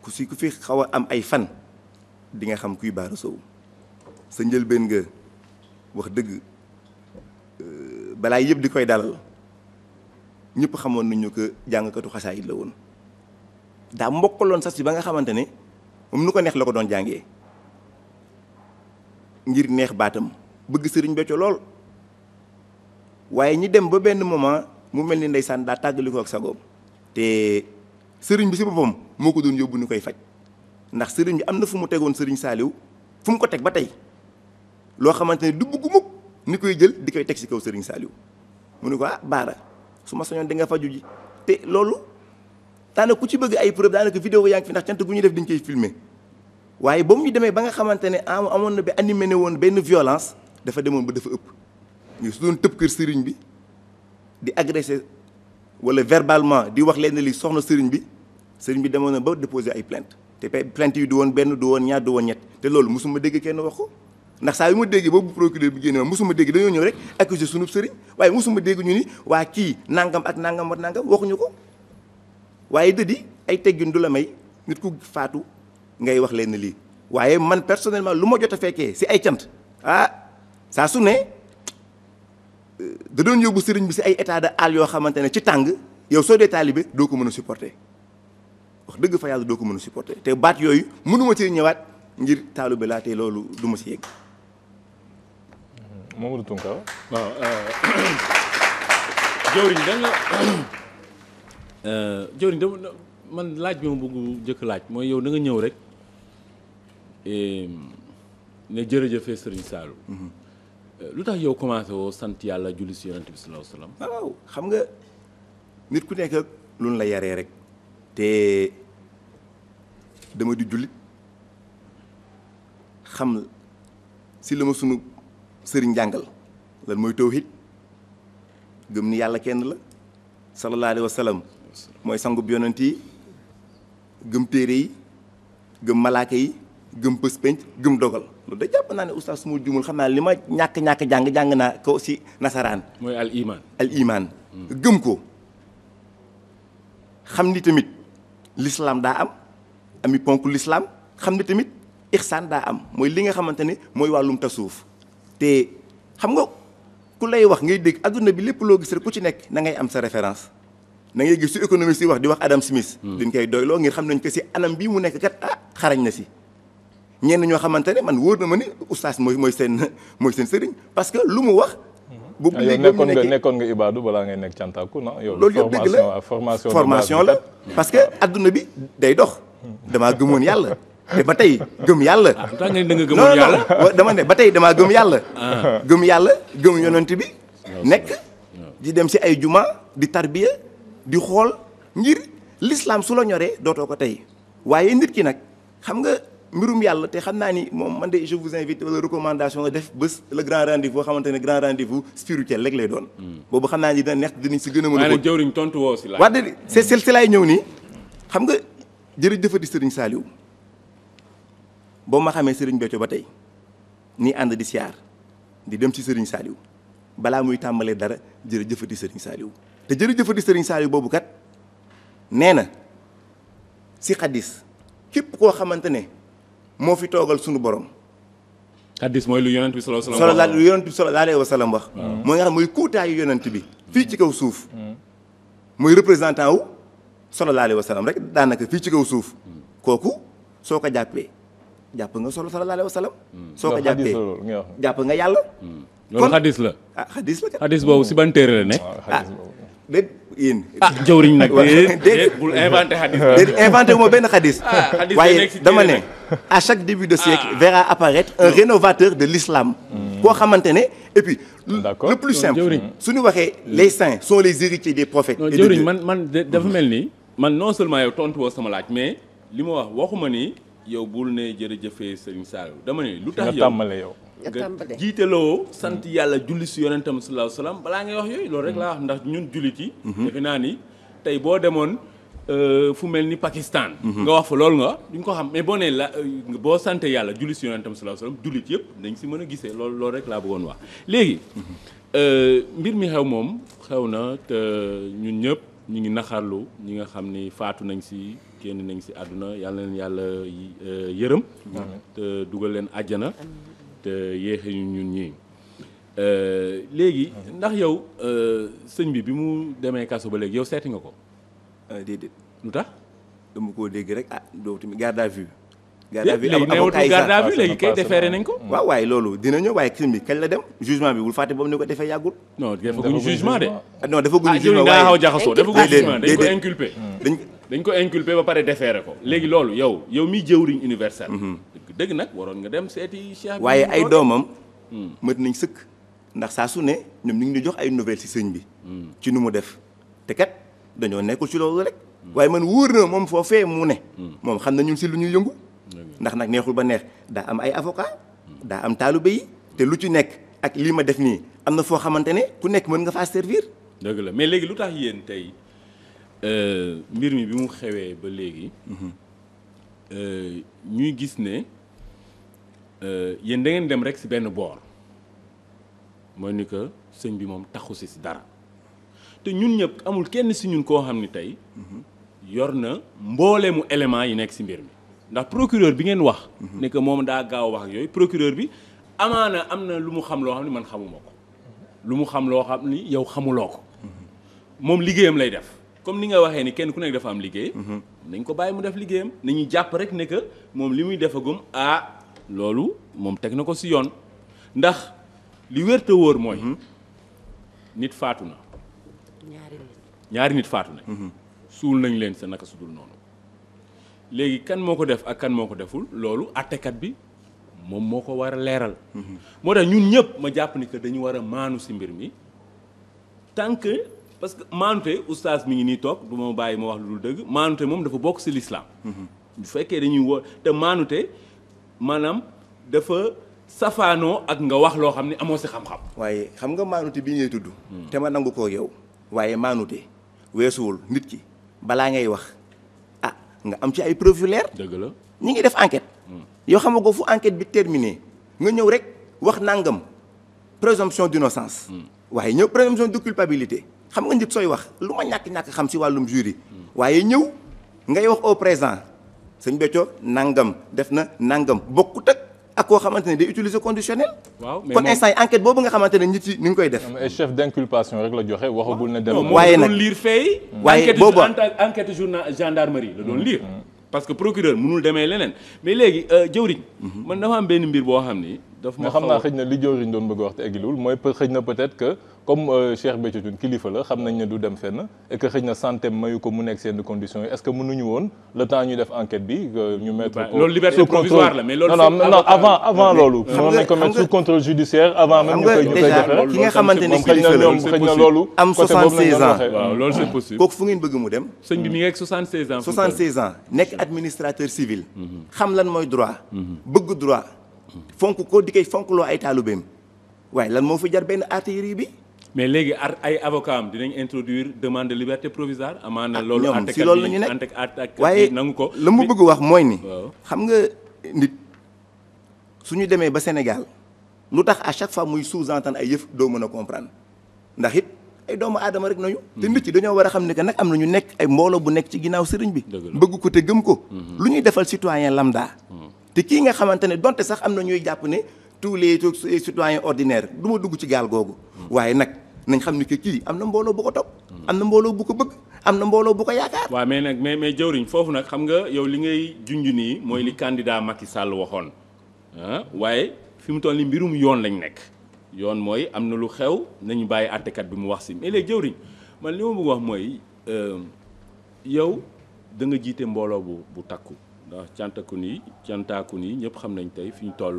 ku si ku fi xaw a am ay fan di nga xam kuy Baara Sow sa njëlbeen nga wax dëgg euh, balaa yëpp di koy dalal ñëpp xamoon nañu ko jàngkatu xasaayit la woon daa mbokkaloon sas bi ba nga xamante ne moom nu ko neex la ko doon jàngee ngir neex baatam bëgg sëriñ becco lool waaye ñi dem ba benn moment mu mel ni ndeysaan daa tàggalikoo ak sagoom te sëriñ bi si boppam moo ko doon yóbbu ni koy faj ndax sëriñ bi am na fu mu tegoon sëriñ saaliw fu mu ko teg ba tey loo xamante ne du bugg mukk ni koy jël di koy teg si kaw sëriñ saaliw mu ne ko ah baara su ma sañoon da nga faju ji te loolu daana ku ci bëgg ay preuve daanaka vidéo yaa ngi fi ndax cant gu ñu def dañ koy filmer waaye ba mu demee ba nga xamante ne amoon na bi animé ne woon benn violence dafa demoon ba dafa ëpp su doon tëb kër sëriñ bi di agressé wala verbalement di wax leen lii soxna sëriñ bi sëriñ bi demoon na ba déposer ay plainte te pe plainte yu du woon benn du woon ñaar du woon ñett te loolu mosuma dégg kenn wax ko ndax saa yu ma dégg boobu procureur bi génne ma mosuma dégg dañoo ñëw rek accuser sunu sëriñ waaye mosuma dégg ñu ni waa kii nangam ak nangam ak nangam waxuñu ko waaye dëddi ay teggin du la may nit ku ngay wax leen lii waaye man personnellement lu ma jot a fekkee si ay cant ah, saa su ne. da doon yóbbu sëriñ bi si ay état de hal yoo xamante ne ci tàng yow soo dee taalibe doo ko mën a supporter wax dëgg fa yàlla doo ko mën a supporter te baat yooyu mënuma ci ñëwaat ngir taalibe laa te loolu du ma si yegg. Mamadou Tounkara waaw euh, jëwriñ dañ la euh, jëwriñ man laaj bi njëkk laaj mooy yow da ñëw rek ne jërëjëfee sëriñ Saalum. Mm-hmm. Euh, lu tax yow commencé woo sant yàlla julli si yonent bi salaahu salaam. waaw xam nga nit ku nekk lu la yaree rek te dama di jullit xam si la ma sunu sëriñ jàngal lan mooy tawhid gëm ni yàlla kenn la sallallahu alayhi wa sallam mooy sangu bi yonent yi gëm téere yi gëm malaaka yi gëm pës penc gëm dogal. loolu da jàpp naa ne oustaz suma jumul xam naa li ma ñàkk-ñàkk jàng jàng naa ko si nasaraan mooy al imaan al iman gëm ko xam ni tamit l'islam daa am ami ponk l'islam xam ni tamit ixsaan daa am mooy li nga xamante ne mooy wàllum suuf te xam nga ku lay wax ngay dégg adduna bi lépp loo gis rek ku ci nekk na am sa référence na ngay gis su économiste yi wax di wax Adam Smith. Hmm. dañ koy doyloo ngir xam nañ ko si anam bii mu nekk kat ah xarañ na si. ñenn ñoo xamante ne man wóor na ma ni oustaz mooy mooy seen mooy seen sëriñ parce que lu mu wax. bu ah, bu léegi nekkoon nga nekkoon nga Ibadu balaa ngay nekk Cantaku non. yow loolu yëpp dëgg la formation ah, formation la parce que adduna bi day dox. damaa gëmoon yàlla. te ba tey gëm yàlla. ah da nga gëmoon yàlla dama ne ba tey damaa gëm yàlla. Ah. gëm yàlla gëm yonent bi. nekk di dem si ay juma di tarbiya di xool ngir l'islam su la ñoree dootoo ko tey waaye nit ki nag xam nga. mbirum yàlla te xam naa ni moom man de je vous wala recommandation nga def bés le grand rendez-vous boo xamante ne grand rendez-vous spirituel rek lay doon. boobu xam naa ni dina neex dinañ si gën a mën a. maanaam jëwriñ tontu woo si laay. waa de c'est c'est laay ñëw nii xam nga jërëjëfati Serigne Saliou boo ma xamee Serigne Béthio ba tey nii ànd di dem si Serigne Saliou balaa muy tàmbalee dara jërëjëfati Serigne Saliou te jërëjëfati Serigne Saliou boobu kat nee na si xadis képp koo xamante ne. moo fi toogal sunu borom. hadis mooy lu yonent bi sallallahu alayhi wa sallam lu yonent bi sallallahu alayhi wa sallam wax. mooy nga xam mooy kuutaayu yonent bi. fii ci kaw suuf. muy représentant wu sallallahu alayhi wa sallam rek daanaka fii ci kaw suuf hmm. kooku soo ko jàppee jàpp nga solo sallallahu alayhi wa sallam. Hmm. soo ko jàppee jàpp nga yàlla. Hmm. loolu hadis la ah hadis la kat. hadis boobu si ban téere la nekk. ah, ah déet yéen. ah jëwriñ nag. déedéet bul inventé hadis. déet inventé wu ma benn hadis. Ah, waaye dama ne. à chaque début de siècle ah. verra apparaître un rénovateur de l'islam hmm. koo xamante ne et puis le plus euh, simple suñu waxee hmm. les saints sont les héritiers des prophètes jëwriñ man man dafa mel ni man non seulement yow tontu woo sama laaj mais li ma wax waxuma ni yow bul ne jërëjëfee Serigne Saliou dama ne lu tax yow nga jiitaloo sant yàlla julli si yonentam sallallahu alayhi wa sallam balaa ngay wax yooyu loolu rek laa wax ndax ñun jullit yi hmm. defe naa ni tey boo demoon Euh, fu mel ni Pakistan. Mhm. nga wax fa loolu nga duñ ko xam mais boo ne la euh, boo sante yàlla julli si yonentam sallallahu alayhi wasallam jullit yëpp nañ si mën a gisee loolu loolu rek laa bëggoon wax. léegi mhm. euh, mbir mi xew moom xew na te ñun ñëpp ñu ngi naxarlu ñi nga xam ni faatu nañ si kenn nañ si àdduna yàlla leen yàlla yërëm. te dugal leen àjjana. te yéexe ñu ñun ñii. léegi ndax yow sëñ bi bi mu demee kaso ba léegi yow seeti nga ko. Euh, déedéet. lu koo dégg rek ah doo tamit garde à vue. garde à vue garde à vue nañ ko. waaw waaye loolu dina ñëw waaye crime bi kañ la dem jugement bi bul fàtte ba mu ko defee yàggul. non defaguñu jugement de. non defaguñu ah, jugement waaye ah xaw jaxasoo defaguñu jugement dañ ko inculpé. dañ ko inculpé ba pare defeere ko. léegi loolu yow yow miy jëwriñ universel. Mhm. dëgg nag waroon nga dem seeti cheikh waaye ay doomam. Hmm. mët nañ sëkk ndax saa su ne ñoom ñu ngi jox ay nouvelles ci sëñ bi. Hmm. ci nu mu def te kat dañoo nekkul ci loolu rek waaye man wóor na moom foo foofee mu ne moom xam na ñun si lu ñuy yëngu ndax nag neexul ba neex daa am ay avocat daa am taalibe yi te lu ci nekk ak lii ma def nii am na foo xamante ne ku nekk mën nga faa servir dëgg la mais léegi lu tax yéen tey euh, mbir mi bi mu xewee ba léegi euh, ñuy gis ne euh, yéen dangeen dem rek si benn boor mooy ni que sëñ bi moom taxu si dara te ñun ñëpp amul kenn si ñun koo xam ni tey yor na mu élément yi nekk si mbir mi ndax procureur bi ngeen wax ne que moom daa gaaw wax ak yooyu procureur bi amaana am na lu mu xam loo xam ni man xamuma ko lu mu xam loo xam ni yow xamuloo ko moom liggéeyam lay def comme ni nga waxee ni kenn ku nekk dafa am liggéey nañ ko bàyyi mu def liggéeyam nañu jàpp rek ne que moom li muy defagum ah loolu moom teg na ko si yoon ndax li wér te mooy nit faatu na ñaari nit ñaari nit faatu nañ. Mhm. suul nañ leen sa naka su dul noonu. léegi kan moo ko def ak kan moo ko deful loolu àttekat bi moom moo ko war a leeral. Mhm. moo tax ñun ñëpp ma jàpp ni que dañu war a maanu si mbir mi tant que parce que maanute oustaz mi ngi nii toog du ma bàyyi ma wax lu dëgg maanute moom dafa bokk si lislaam mhm. bu fekkee dañuy woo te maanute maanaam dafa safaanoo ak nga wax loo xam ni amoo si xam-xam. waaye xam nga maanute bi ngay tudd. Hmm. te ma nangu ko yow. waaye maanute weesuwul nit ki balaa ngay wax a ah, nga am ci ay preuve yu ñu ngi def enquête. Hmm. yow xam ko fu enquête bi terminé nga ñëw rek wax nangam présomption d'innocence. Hmm. waaye ñëw présomption de culpabilité xam nga nit sooy wax lu ma ñàkk ñàkk xam si wàllum jury. Hmm. waaye ñëw ngay wax au présent sëñ Béthio nangam def na nangam bokkut ak ak koo xamante ne day utiliser conditionnel. waaw mais kon instant yi enquête boobu nga xamante ne nit yi ni ngi koy def. mais chef d'inculpation rek la joxe waxagul ne. dem waaye nag liir fay. Mm. enquête journal gendarmerie la doon liir. Mm. parce que procureur mënul demee leneen mais léegi euh, jëwriñ. Mm-hmm. man dafa am benn mbir boo xam ni. daf ma xam naa xëy na li jëwriñ doon bëgg wax te eggiluwul mooy xëy na peut-être que comme euh, Cheikh Béthio Thioune kilifa la xam nañ ne du dem fenn et que xëy na santé mayu ko mu nekk seen conditions yi est-ce que mënuñu woon le temps ñu def enquête bi euh, ñu mettre loolu liberté provisoire la mais loolu non non avant avant loolu mënoon nañ ko mettre sous contrôle judiciaire avant même ñu koy ñu koy defee ki nga xamante ne kilifa la xëy na loolu am 76 ans waaw loolu c'est possible kooku fu ngeen bëgg mu dem sëñ bi mi ngi ak 76 ans 76 ans nekk administrateur civil mhm. xam lan mooy droit mhm. bëgg droit fonk koo di fonk loo ay taalubeem waaye lan moo fi jar benn artillerie bi. mais léegi ar ay avocat am dinañ introduire demande de liberté provisoire amaana ah, loolu ñoom si loolu la ñu nekk waaye nangu ko la mu bëgg wax mooy ni xam nga nit suñu demee ba Sénégal lu tax à chaque muy sous-entendre ay yëf doo mën a comprendre ndax it ay doomu aadama rek nañu hmm. te nit ci dañoo war a xam ne que nag am na ñu nekk ay mbooloo bu nekk ci ginnaaw sëriñ bi bëgg ko te gëm ko hmm. lu ñuy defal citoyen lambda hmm. te kii nga xamante ne donte sax am na ñuy jàpp ne tous les citoyens ordinaires du ma dugg ci gaal googu. waaye nag nañ xam ni que kii am na mbooloo bu ko topp. am na mbooloo bu ko bëgg am na mbooloo bu ko yaakaar. waaw mais nag mais mais jëwriñ foofu nag xam nga yow li ngay junj nii mooy li candidat Macky Sall waxoon ah waaye fi mu toll ni mbirum yoon lañ nekk yoon mooy am na lu xew nañu bàyyi àttekat bi mu wax si mais léegi jëwriñ man li ma bëgg wax mooy euh, yow da nga jiite mbooloo bu bu takku. ndax cantakun yi cantaakun yi ñëpp xam nañ tey fi ñu toll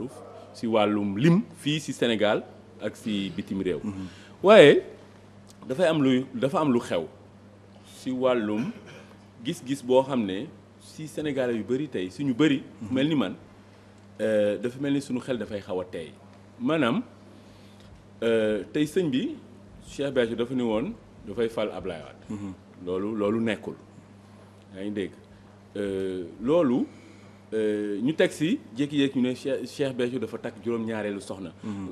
si wàllum lim fii si Sénégal ak si bitim réew. Mm-hmm. waaye dafay am luy dafa am lu xew si wàllum gis-gis boo xam ne si Sénégalais yu bari tey suñu bëri. mel ni man euh, dafa mel ni suñu xel dafay xaw a tey maanaam euh, tey sëñ bi Cheikh Béthio dafa ne woon dafay fal Ablaye Wade. Mm-hmm. loolu loolu nekkul yaa ngi dégg. Euh, loolu euh, ñu teg si jékki-jékki ñu ne Cheikh Cheikh Béthio dafa takk juróom-ñaareelu soxna. Mhm.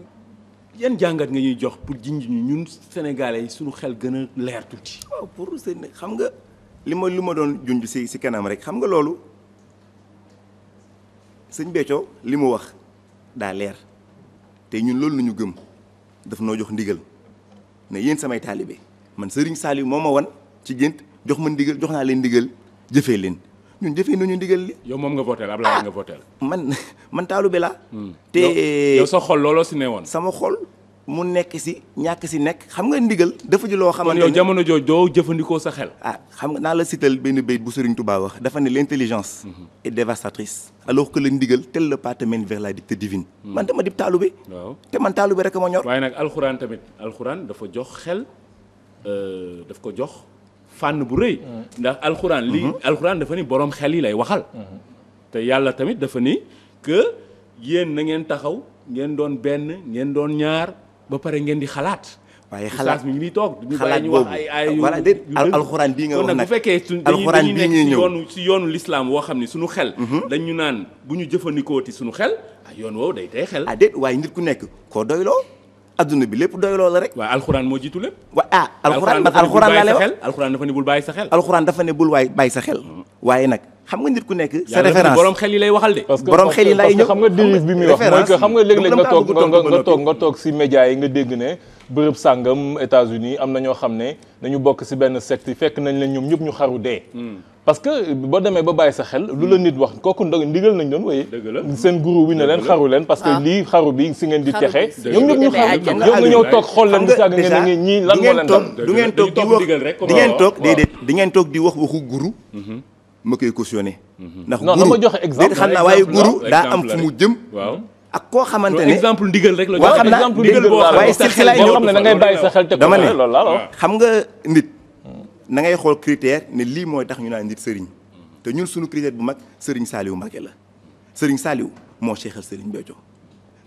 yan jàngat nga ñuy jox pour jinj ñu ñun sénégalais yi suñu xel gën a leer tuuti. waaw xam nga li ma li ma doon junj si si kanam rek xam nga loolu sëñ Béthio li mu wax daa leer te ñun loolu lañu gëm daf noo jox ndigal ne yéen samay taalibe man sëriñ Saliou moo ma wan ci jënt jox ma ndigal jox naa leen ndigal jëfe leen. ñun jëfee nañu ndigal li. yow moom nga votel Ablaye ah, nga votel man man taalibe hmm. te yow sa xol looloo si ne woon. sama xol mu nekk si ñàkk si nekk xam nga ndigal dafa ji loo xamante ne yow jamono jooju doo jëfandikoo sa xel. ah xam nga naa la sital benn béyit bu Serigne Touba wax dafa ne l'intelligence hmm. est dévastatrice. alors que le ndigal tel le pas te mène vers la dictée divine. Hmm. man dama dib taalibe. waaw te man bi rek ma ñor. waaye nag alxuraan tamit alxuraan dafa jox xel euh, daf ko jox. fànn bu rëy. Mm-hmm. ndax alxuraan li mm-hmm. alxuraan dafa ni borom xel yi lay waxal. Mm-hmm. te yàlla tamit dafa ni que yéen na ngeen taxaw ngeen doon benn ngeen doon ñaar ba pare ngeen di xalaat. waaye xalaat mi ngi nii toog duñu bàyyi ñu wax ay ay voilà déet bii nga wax nag bu fekkee alxuraan bii ñuy ñëw yoonu si yoonu lislaam woo xam ne suñu xel dañu naan bu ñu jëfandikoo ti suñu xel ah yoon woowu day tey xel a ah, déet waaye nit ku nekk koo doyloo adduna bi lépp doy loola rek. waaw alxuraan moo jiitu lépp. wa ah alxuraan man alxuraan dafa ne bul bàyyi sa xel. alxuraan dafa ne bul waay mm-hmm. waaye nag xam nga nit ku nekk. sa référence borom xel yi lay waxal de. borom xel yi lay ñëw xam nga dérive bi muy wax mooy que xam nga toog nga toog nga toog si média nga dégg ne bërëb sàngam États-Unis am na ñoo xam ne dañu bokk ci benn sect fekk nañ leen ñoom ñëpp ñu xaru dee. Hmm. parce que boo demee ba bàyyi sa xel. lu la hmm. nit wax kooku ndox ndigal nañ doon waaye. seen guru wi ne leen xaru leen. parce que ah. lii xaru bi si ngeen di texe. ñoom ñëpp ñu xaru toog xool leen. xam nga ngeen ñii lan moo leen dal du ngeen toog di wax ngeen toog déedéet di ngeen toog di wax waxu guru. Mm-hmm. ma koy cautionné. Mm-hmm. ndax guru non dama joxe exemple xam naa waaye guru daa am fu mu jëm. ak koo xamante ne exemple ndigal rek la waaw xam naa ndigal boo xam ne da ngay bàyyi sa xel te dama ne xam nga nit na ngay xool critère ne lii mooy tax ñu naa nit sëriñ te ñun suñu critère bu mag sëriñ Saliou Mbacké la sëriñ Saliou moo seexal sëriñ Béthio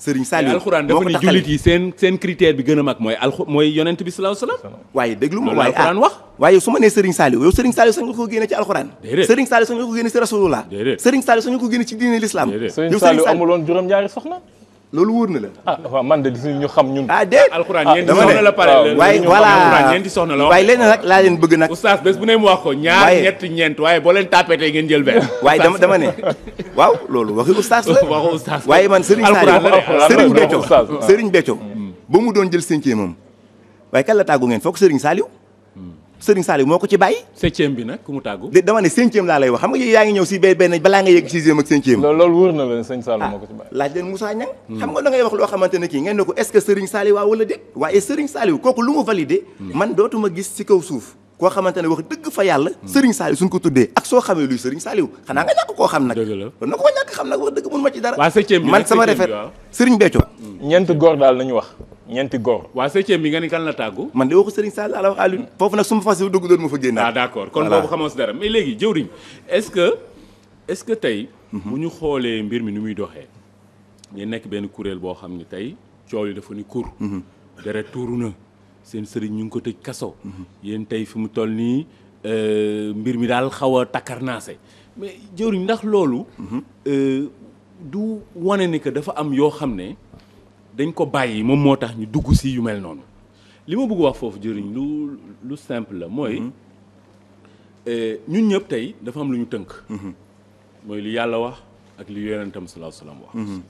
Serigne Saliou moo ko taxalee jullit yi seen seen critère bi gën a mag mooy alxu mooy yonent bi salaahu salaam. waaye déglu ma waaye ah wax. waaye su ma nee Serigne Saliou yow Serigne Saliou sax nga ko génne ci alxuraan. déedéet Serigne Saliou sax nga ko génne ci rasulullah. déedéet Serigne Saliou sax nga ko génne ci diine l'islam. déedéet Serigne Saliou amuloon juróom-ñaari soxna loolu wóor na la. ah man de ñu xam ñun. ah déet alxuraan yéen ah, di soxna la pare. waaye voilà alxuraan soxna la. waaye léegi nag laa leen bëgg nag. oustaz bés bu ne mu wax ko ñaar ñett ñeent waaye boo leen tapetee ngeen jël benn. waaye dama dama ne waaw loolu waxi oustaz la. waxu oustaz waaye man Serigne Saliou Serigne Béthio Serigne mu doon jël cinquième moom waaye kan la tàggu ngeen foog Serigne Saliou Serigne Saliou moo ko ci bàyyi. septième bi nag ku mu tàggu. dama ne cinquième laa lay wax xam nga yaa ngi ñëw si benn balaa nga yegg sixième ak cinquième. loolu wóor na la Serigne Saliou ah, laaj leen Moussa Niang. Hmm. xam nga da wax loo xamante ne kii ngeen ne ko est-ce que Serigne Saliou waa wala déet waaye Serigne Saliou kooku lu mu validé. Hmm. man dootuma gis si kaw suuf koo xamante ne wax dëgg fa yàlla hmm. sëriñ Saliou suñ ko tuddee ak soo xamee luy sëriñ Saliou hmm. xanaa nga ñàkk koo xam nag na ko ñàkk xam nag wax dëgg mun ma ci dara man sama refet sëriñ Béthio hmm. ñeenti góor daal nañu wax ñeenti góor waaw septième bi nga ni kan la tàggu man de wax Alioune foofu nag su ma fas yow dugg doon ma fa génn ah d'accord kon boobu xamoo dara mais léegi jëwriñ est-ce que est-ce que tey mhm. bu ñu xoolee mbir mi nu muy doxee ñu nekk benn kuréel boo xam ne tey coow li dafa ni kur mhm. dara tuuru na seen sëriñ ñu ngi ko tëj kaso. Mhm. yéen tey fi mu toll nii euh, mbir mi daal xaw a takkarnaase mais jëwriñ ndax loolu. Mhm. Euh, du wane ni que dafa am yoo xam ne dañ ko bàyyi moom moo tax ñu dugg si yu mel noonu li ma bëgg wax foofu jëriñ lu lu simple la mooy. Mhm. Euh, ñun ñëpp tey dafa am lu ñu tënk. mooy li yàlla wax ak lu yonentam sallallahu alayhi wasallam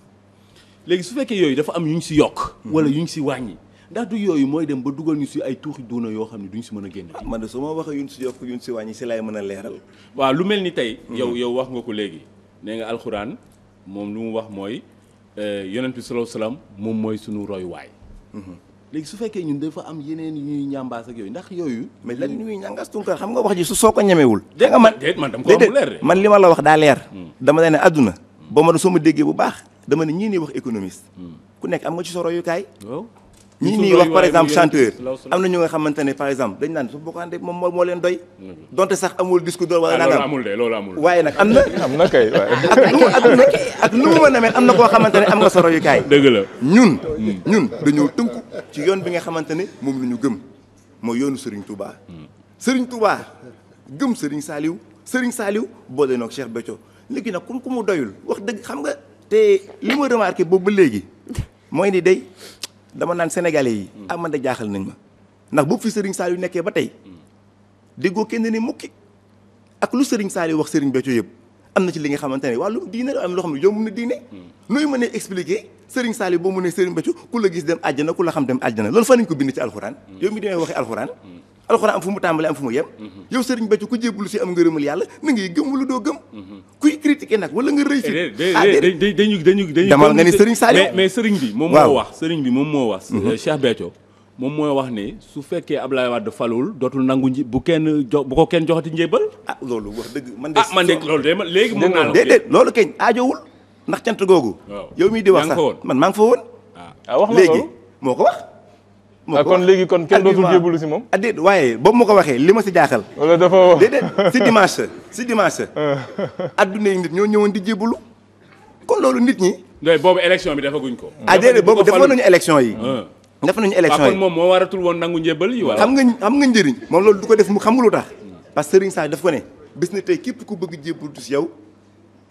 wax. su fekkee yooyu dafa am yu ñu si yokk. wala yu ñu si wàññi. ndax du yooyu mooy dem ba dugal ñu si ay tuuxi duuna yoo xam ne duñ si mën a génn. Ah, man de su ma waxee yuñ si yokk yuñ si wàññi si laay mën leeral. waaw lu mel ni tey. Hmm. yow yow wax nga ko léegi nee nga alxuraan moom lu mu wax mooy eh, yonent bi sallallahu alayhi moom mooy suñu royuwaay. Hmm. léegi su fekkee ñun dafa am yeneen yu ñuy yooyu ndax yooyu. mais lan ñuy ñangas tunkar xam nga wax ji su soo ko ñemewul. dégg nga man déet man dama ko li ma la wax daa leer. Hmm. dama ne àdduna boo ma ne soo ma déggee bu baax dama ne ñii nii wax économiste. ku nekk am nga ci sa royukaay. Oh. ñii nii wax par exemple chanteur am na ñu nga xamante ne par exemple dañ naan su boo ko àndee moom donte sax amul disque d'or wala ah, amul de loolu amul waaye nag am na am na kay ak lu am na koo xamante ne am nga sa royukaay dëgg la ñun hmm. ñun dañoo tënku ci yoon bi nga xamante ne moom la ñu gëm mooy yoonu Serigne Touba hmm. Serigne Touba gëm sëriñ saaliw Serigne Saliou boole noog Cheikh Béthio léegi nag ku ku mu doyul wax dëgg xam nga te li ma remarqué boobu ba léegi mooy ni day dama naan sénégalais yi. Mm. amanda ah, jaaxal nañ ma. ndax bu fi saal yu nekkee ba tey mm. déggoo kenn ne mukki ak lu Serigne Saliou wax Serigne Béthio yëpp am na ci li nga xamante ne wàllu diine am loo xam ne yow mën a diine. Mm. nooy mën a expliquer Serigne Saliou boo mënee Serigne Béthio ku la gis dem àjjana ku la xam dem àjjana loolu fan lañ ko bind ci alxuraan. yow mi demee waxi alxuraan. alxuraan am fu mu tàmbale am fu mu yem mhm. yow sëriñ Béthio ku jébbalu si am ngërëmal yàlla na ngay gëm wala doo gëm mhm. kuy critiquer nag wala nga réussir eh, ah, dañu dañu dañu damal nga ni sëriñ Saliou mais sëriñ bi moom moo wax sëriñ bi moom moo wax Cheikh Béthio moom mooy wax ne su fekkee Ablaye Wade falul dootul nangu nji bu kenn jo bu ko kenn joxati njébal ah loolu wax dëgg man de ah man de loolu de léegi mën naa déedéet loolu keñ aajowul ndax cant googu yow mii di wax sax man maa ngi fa woon ah. Ah, léegi moo ko Ah, kon léegi kon kenn dootul jébbalu si moom. ah déet waaye boobu ma ko waxee li ma si jaaxal. wala dafa wax déedéet si dimanche si dimanche. Ah. adduna yi nit ñoo ñëwoon di jébbalu kon loolu nit ñi. doy boobu élection bi defaguñ ko. ah déedéet boobu defoon nañu élection yi. Ah. def nañu élection yi kon moom moo waratul woon nangu njébbal yi wala. xam nga xam nga njëriñ. moom loolu du ko def mu xam nga tax. parce que Serigne Sall daf ko ne bis tey képp ku bëgg jébbalu si yow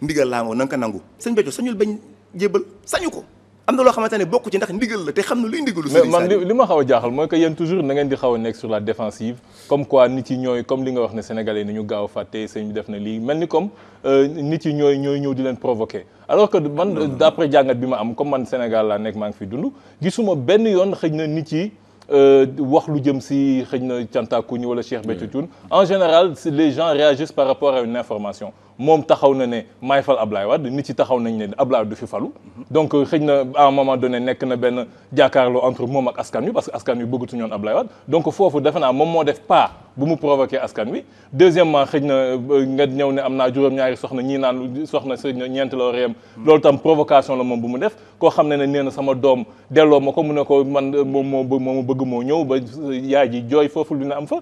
ndigal laa ngoo na nga ko nangu. sëñ Béthio sañul bañ jébbal sañu ko am na loo xamante ne bokk ci ndax ndigal la te xam na luy ndigalu mais man li ma xaw a jaaxal mooy que yéen toujours na ngeen di xaw a nekk sur la défensive comme quoi nit yi ñooy comme li nga wax ne sénégalais ni ñu gaaw fàtte sëñ bi def na lii mel ni comme euh, nit yi ñooy ñooy ñëw di leen provoquer alors que man d'après jàngat bi ma am comme man Sénégal laa nekk maa ngi fi dund gisuma benn yoon xëj na nit yi euh, wax lu jëm si xëj na Thiantakouni wala Cheikh Béthio Thioune en général les gens par rapport information moom taxaw na ne maay fal Ablaye Wade nit ci taxaw nañ ne Ablaye du fi falu donc euh, xëy na à un moment nekk na benn jàkkaarloo entre moom ak askan wi parce que askan wi bëggatu ñoon Ablaye Wade donc foofu defe naa moom moo def pas bu mu provoqué askan wi deuxièmement xëy na euh, nga ñëw ne am naa juróom-ñaari soxna ñii naan soxna sëñ ñeent loo war loolu tam provocation la moom bu mu def koo xam ne ne nee na sama doom delloo ma ko mu ne ko man euh, moom moo moo bëgg moo ñëw ba yaay ji jooy foofu lu ne am fa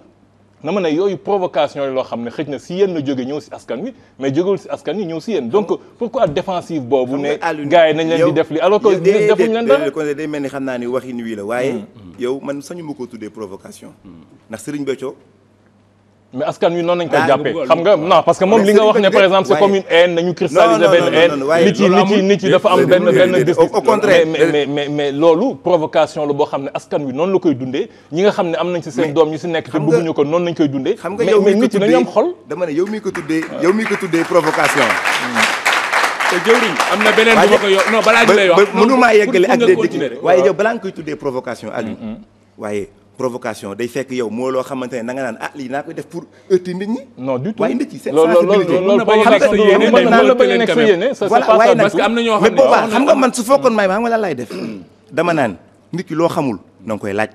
na ma ne yooyu provocation la loo xam ne xëj na si yéen la jóge ñëw si askan wi mais jógewul si askan wi ñëw si yéen donc pourquoi défensive boobu ne gars yi nañ leen di def li alors que defuñ leen dara kon day mel ni xam naa ni waxin wii la waaye hmm. yow man sañu ma ko tuddee provocation hmm. ndax Serigne Béthio mais askan wi noonu nañ ko ah, jàppee xam nga non parce que moom li nga wax ne par exemple c'est comme une haine nañu cristalliser benn haine nit yi dafa am benn benn gis euh, mais loolu provocation la boo xam ne askan wi noonu la koy dundee ñi nga xam ne am nañ si seen doom ñu si nekk te bëgguñu ko noonu nañ koy dundee xam nga mais nit yi nañu am xol dama ne yow mi ko tuddee provocation te jëwriñ am na beneen bu ko yo non balaa ñu lay wax mënu maa yeggale ak waaye yow balaa nga koy tuddee provocation Aliou mm-hmm. waaye provocation day fekk yow moo loo xamante ne na nga naan ah lii naa koy def pour heurter nit ñi. non du tout waaye nit ci seen sensibilité loolu loolu boobaa xam nga man su fekkoon may ma xam nga lan def. Hmm. dama naan nit ki loo xamul na koy laaj.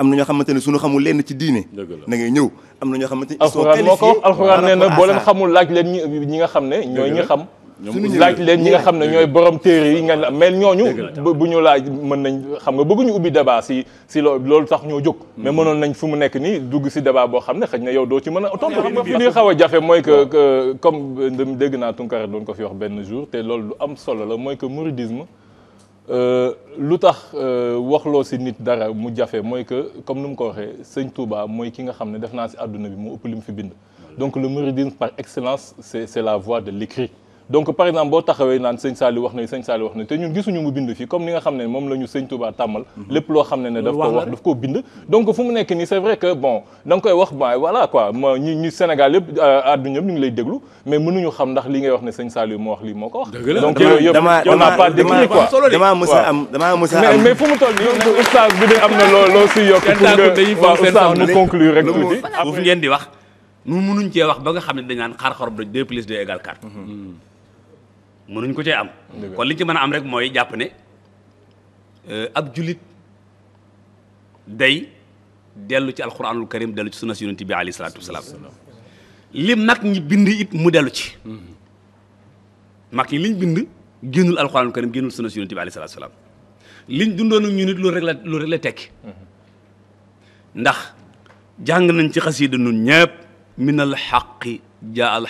am na ñoo xamante ne suñu xamul lenn ci diine. na ñëw am na ñoo xamante alxuraan boo leen xamul laaj leen ñi nga xam ne ñooy ñi xam laaj leen ñi nga xam ne ñooy borom téere yi nga la mais ñooñu bu ñu laaj mën nañ xam nga bëgguñu ubbi débat si si loolu tax ñoo jóg mais hmm. mënoon nañ fu mu nekk nii dugg si débat boo xam ne xëy na yow doo ci mën a ah, tontu xam xaw a jafe mooy que comme dégg naa Tunkara doon ko fi wax benn jour te lool lu am solo la mooy que mouridisme euh, lu tax euh, waxloo si nit dara mu jafe mooy que comme nu mu ko waxee sëñ Touba mooy ki nga xam ne def naa si àdduna bi mu ëpp li mu fi bind donc le mouridisme par excellence c'est c'est la voie de l'écrit donc par exemple boo taxawee naan sëñ Saliou wax na sëñ Saliou wax na te ñun gisuñu mu bind fii comme ni nga xam ne moom la ñu sëñ Touba tàmmal mhm. lépp loo xam ne ne daf ko wax daf koo bind donc fu mu nekk nii c'est vrai que bon da koy wax ba voilà quoi ñu Sénégal yëpp euh, àdduna yëpp ñu lay déglu mais mënuñu xam ndax li ngay wax ne sëñ Saliou moo wax lii moo ko wax donc yooyu yëpp on n'a pas décrit quoi damaa mës a am a mais fu mu toll nii oustaz bi de am na loo loo si yokk pour nga oustaz xam ne dañ mënuñ ko cee am. kon liñ ci mën a am rek mooy jàpp ne euh, ab jullit day dellu ci alquranul karim dellu ci sunna yonent bi alayhi salaatu wasalaam li mag ñi bind it mu dellu ci. Mm-hmm. mag ñi liñ bind génnul alquranul karim génnul sunna yonent bi alayhi salaatu wasalaam liñ dundoon ñu nit loolu rek la loolu tekki mm-hmm. ndax jàng nañ ci xasida nun ñëpp min al xaqi jaa al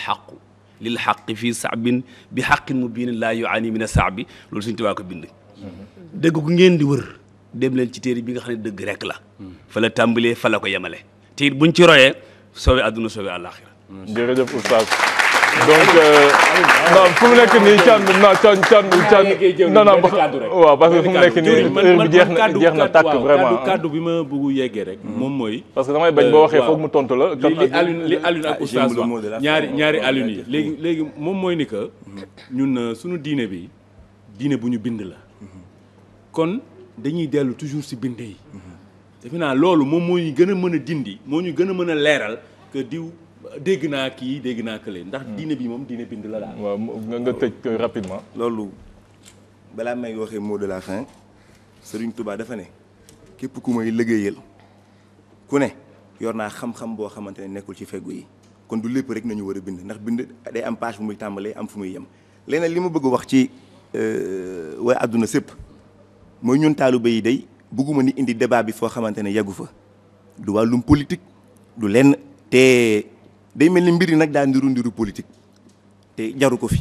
lil xaqi fii saabin bi xaqin mu biin laa yuani min a saabi loolu Sëñ Tuubaa ko dëgg gu ngeen di wër dem leen ci téere bi nga xam ne dëgg rek la fa la tàmbalee fa la ko yemale te it buñ ci royee soobee àdduna soobee àllaaxira jërëjëf donc euh, non fu mu nekk nii Thiam ah, non Thiam Thiam Thiam non non waaw parce que fu mu nekk nii jeex na jeex na tàkk vraiment kaddu bi ma bëgg yeggee rek. Hmm. moom mooy. parce que damay bañ boo waxee euh, foog mu tontu la. li li Alioune li Alioune ak ah, oustaz wax ñaari ñaari Alioune yi léegi léegi moom mooy ni que. ñun euh, suñu diine bi diine bu ñu bind la. kon dañuy dellu toujours ci bind yi. Hmm. defe naa loolu moom moo ñu gën a mën a dindi moo ñu gën a mën a leeral que diw. dégg naa kii dégg naa kële ndax hmm. diine bi moom diine bind la daal. nga nga tëj rapidement. loolu balaa may waxee mot de la fin Serigne Touba dafa ne képp ku may liggéeyal ku ne yor naa xam-xam boo xamante ne nekkul ci fegu yi kon du lépp rek nañu war a bind ndax bind day am page bu muy tàmbalee am fu muy yem. leneen li ma bëgg wax ci euh, waa àdduna sëpp mooy ñun taalibe yi day bëgguma ni indi débat bi foo xamante ne yàggu fa du wàllum politique du lenn day mel ni mbir yi nag daa ndiru ndiru politique te jaru ko fi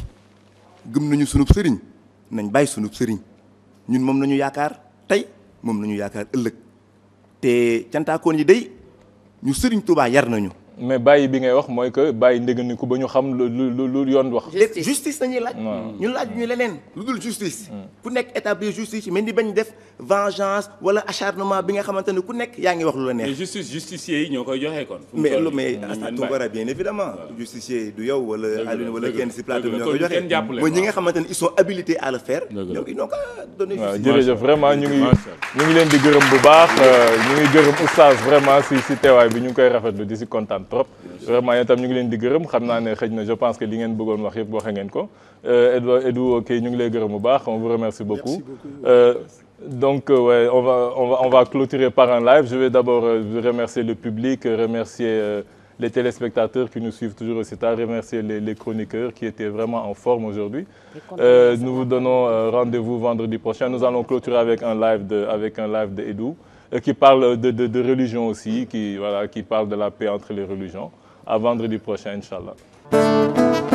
gëm nañu sunub sëriñ nañ bàyyi sunub sëriñ ñun moom nañu yaakaar tey moom nañu yaakaar ëllëg te cantaakoon yi day ñu sëriñ Tuubaa yar nañu mais bàyyi bi ngay wax mooy que bàyyi ndéganiku ba ñu xam lu lu lu yoon wax. justice nañuy laaj. ñu laaj ñu leneen lu dul justice. Mm. ku nekk établir justice mais ni bañ wala acharnement bi nga xamante ne ku nekk yaa ngi wax lu la neex. mais yi ñoo koy joxe kon. mais lu mais Assane Tounkara bien évidemment justicier du ñi nga xamante ne ils sont habilités à le faire. vraiment ñu ngi ñu ngi leen di gërëm bu baax euh, ñu ngi gërëm oustaz vraiment si si teewaay bi ñu ngi koy rafetlu di si kontaan trop vraiment yéen itam ñu ngi leen di gërëm xam naa ne xëj na je pense que li ngeen bëggoon wax yëpp waxe ko euh, Edouard Edou kii ñu ngi lay gërëm bu baax on vous remercie beaucoup euh, donc euh, on va on va on va clôturer par un live je vais d'abord remercier le public remercier les téléspectateurs qui nous suivent toujours aussi tard remercier les, les chroniqueurs qui étaient vraiment en forme aujourd'hui euh, nous vous donnons rendez-vous vendredi prochain nous allons clôturer avec un live de avec un live de Euh, qui parle de, de, de, religion aussi, qui, voilà, qui parle de la paix entre les religions. À vendredi prochain, Inch'Allah.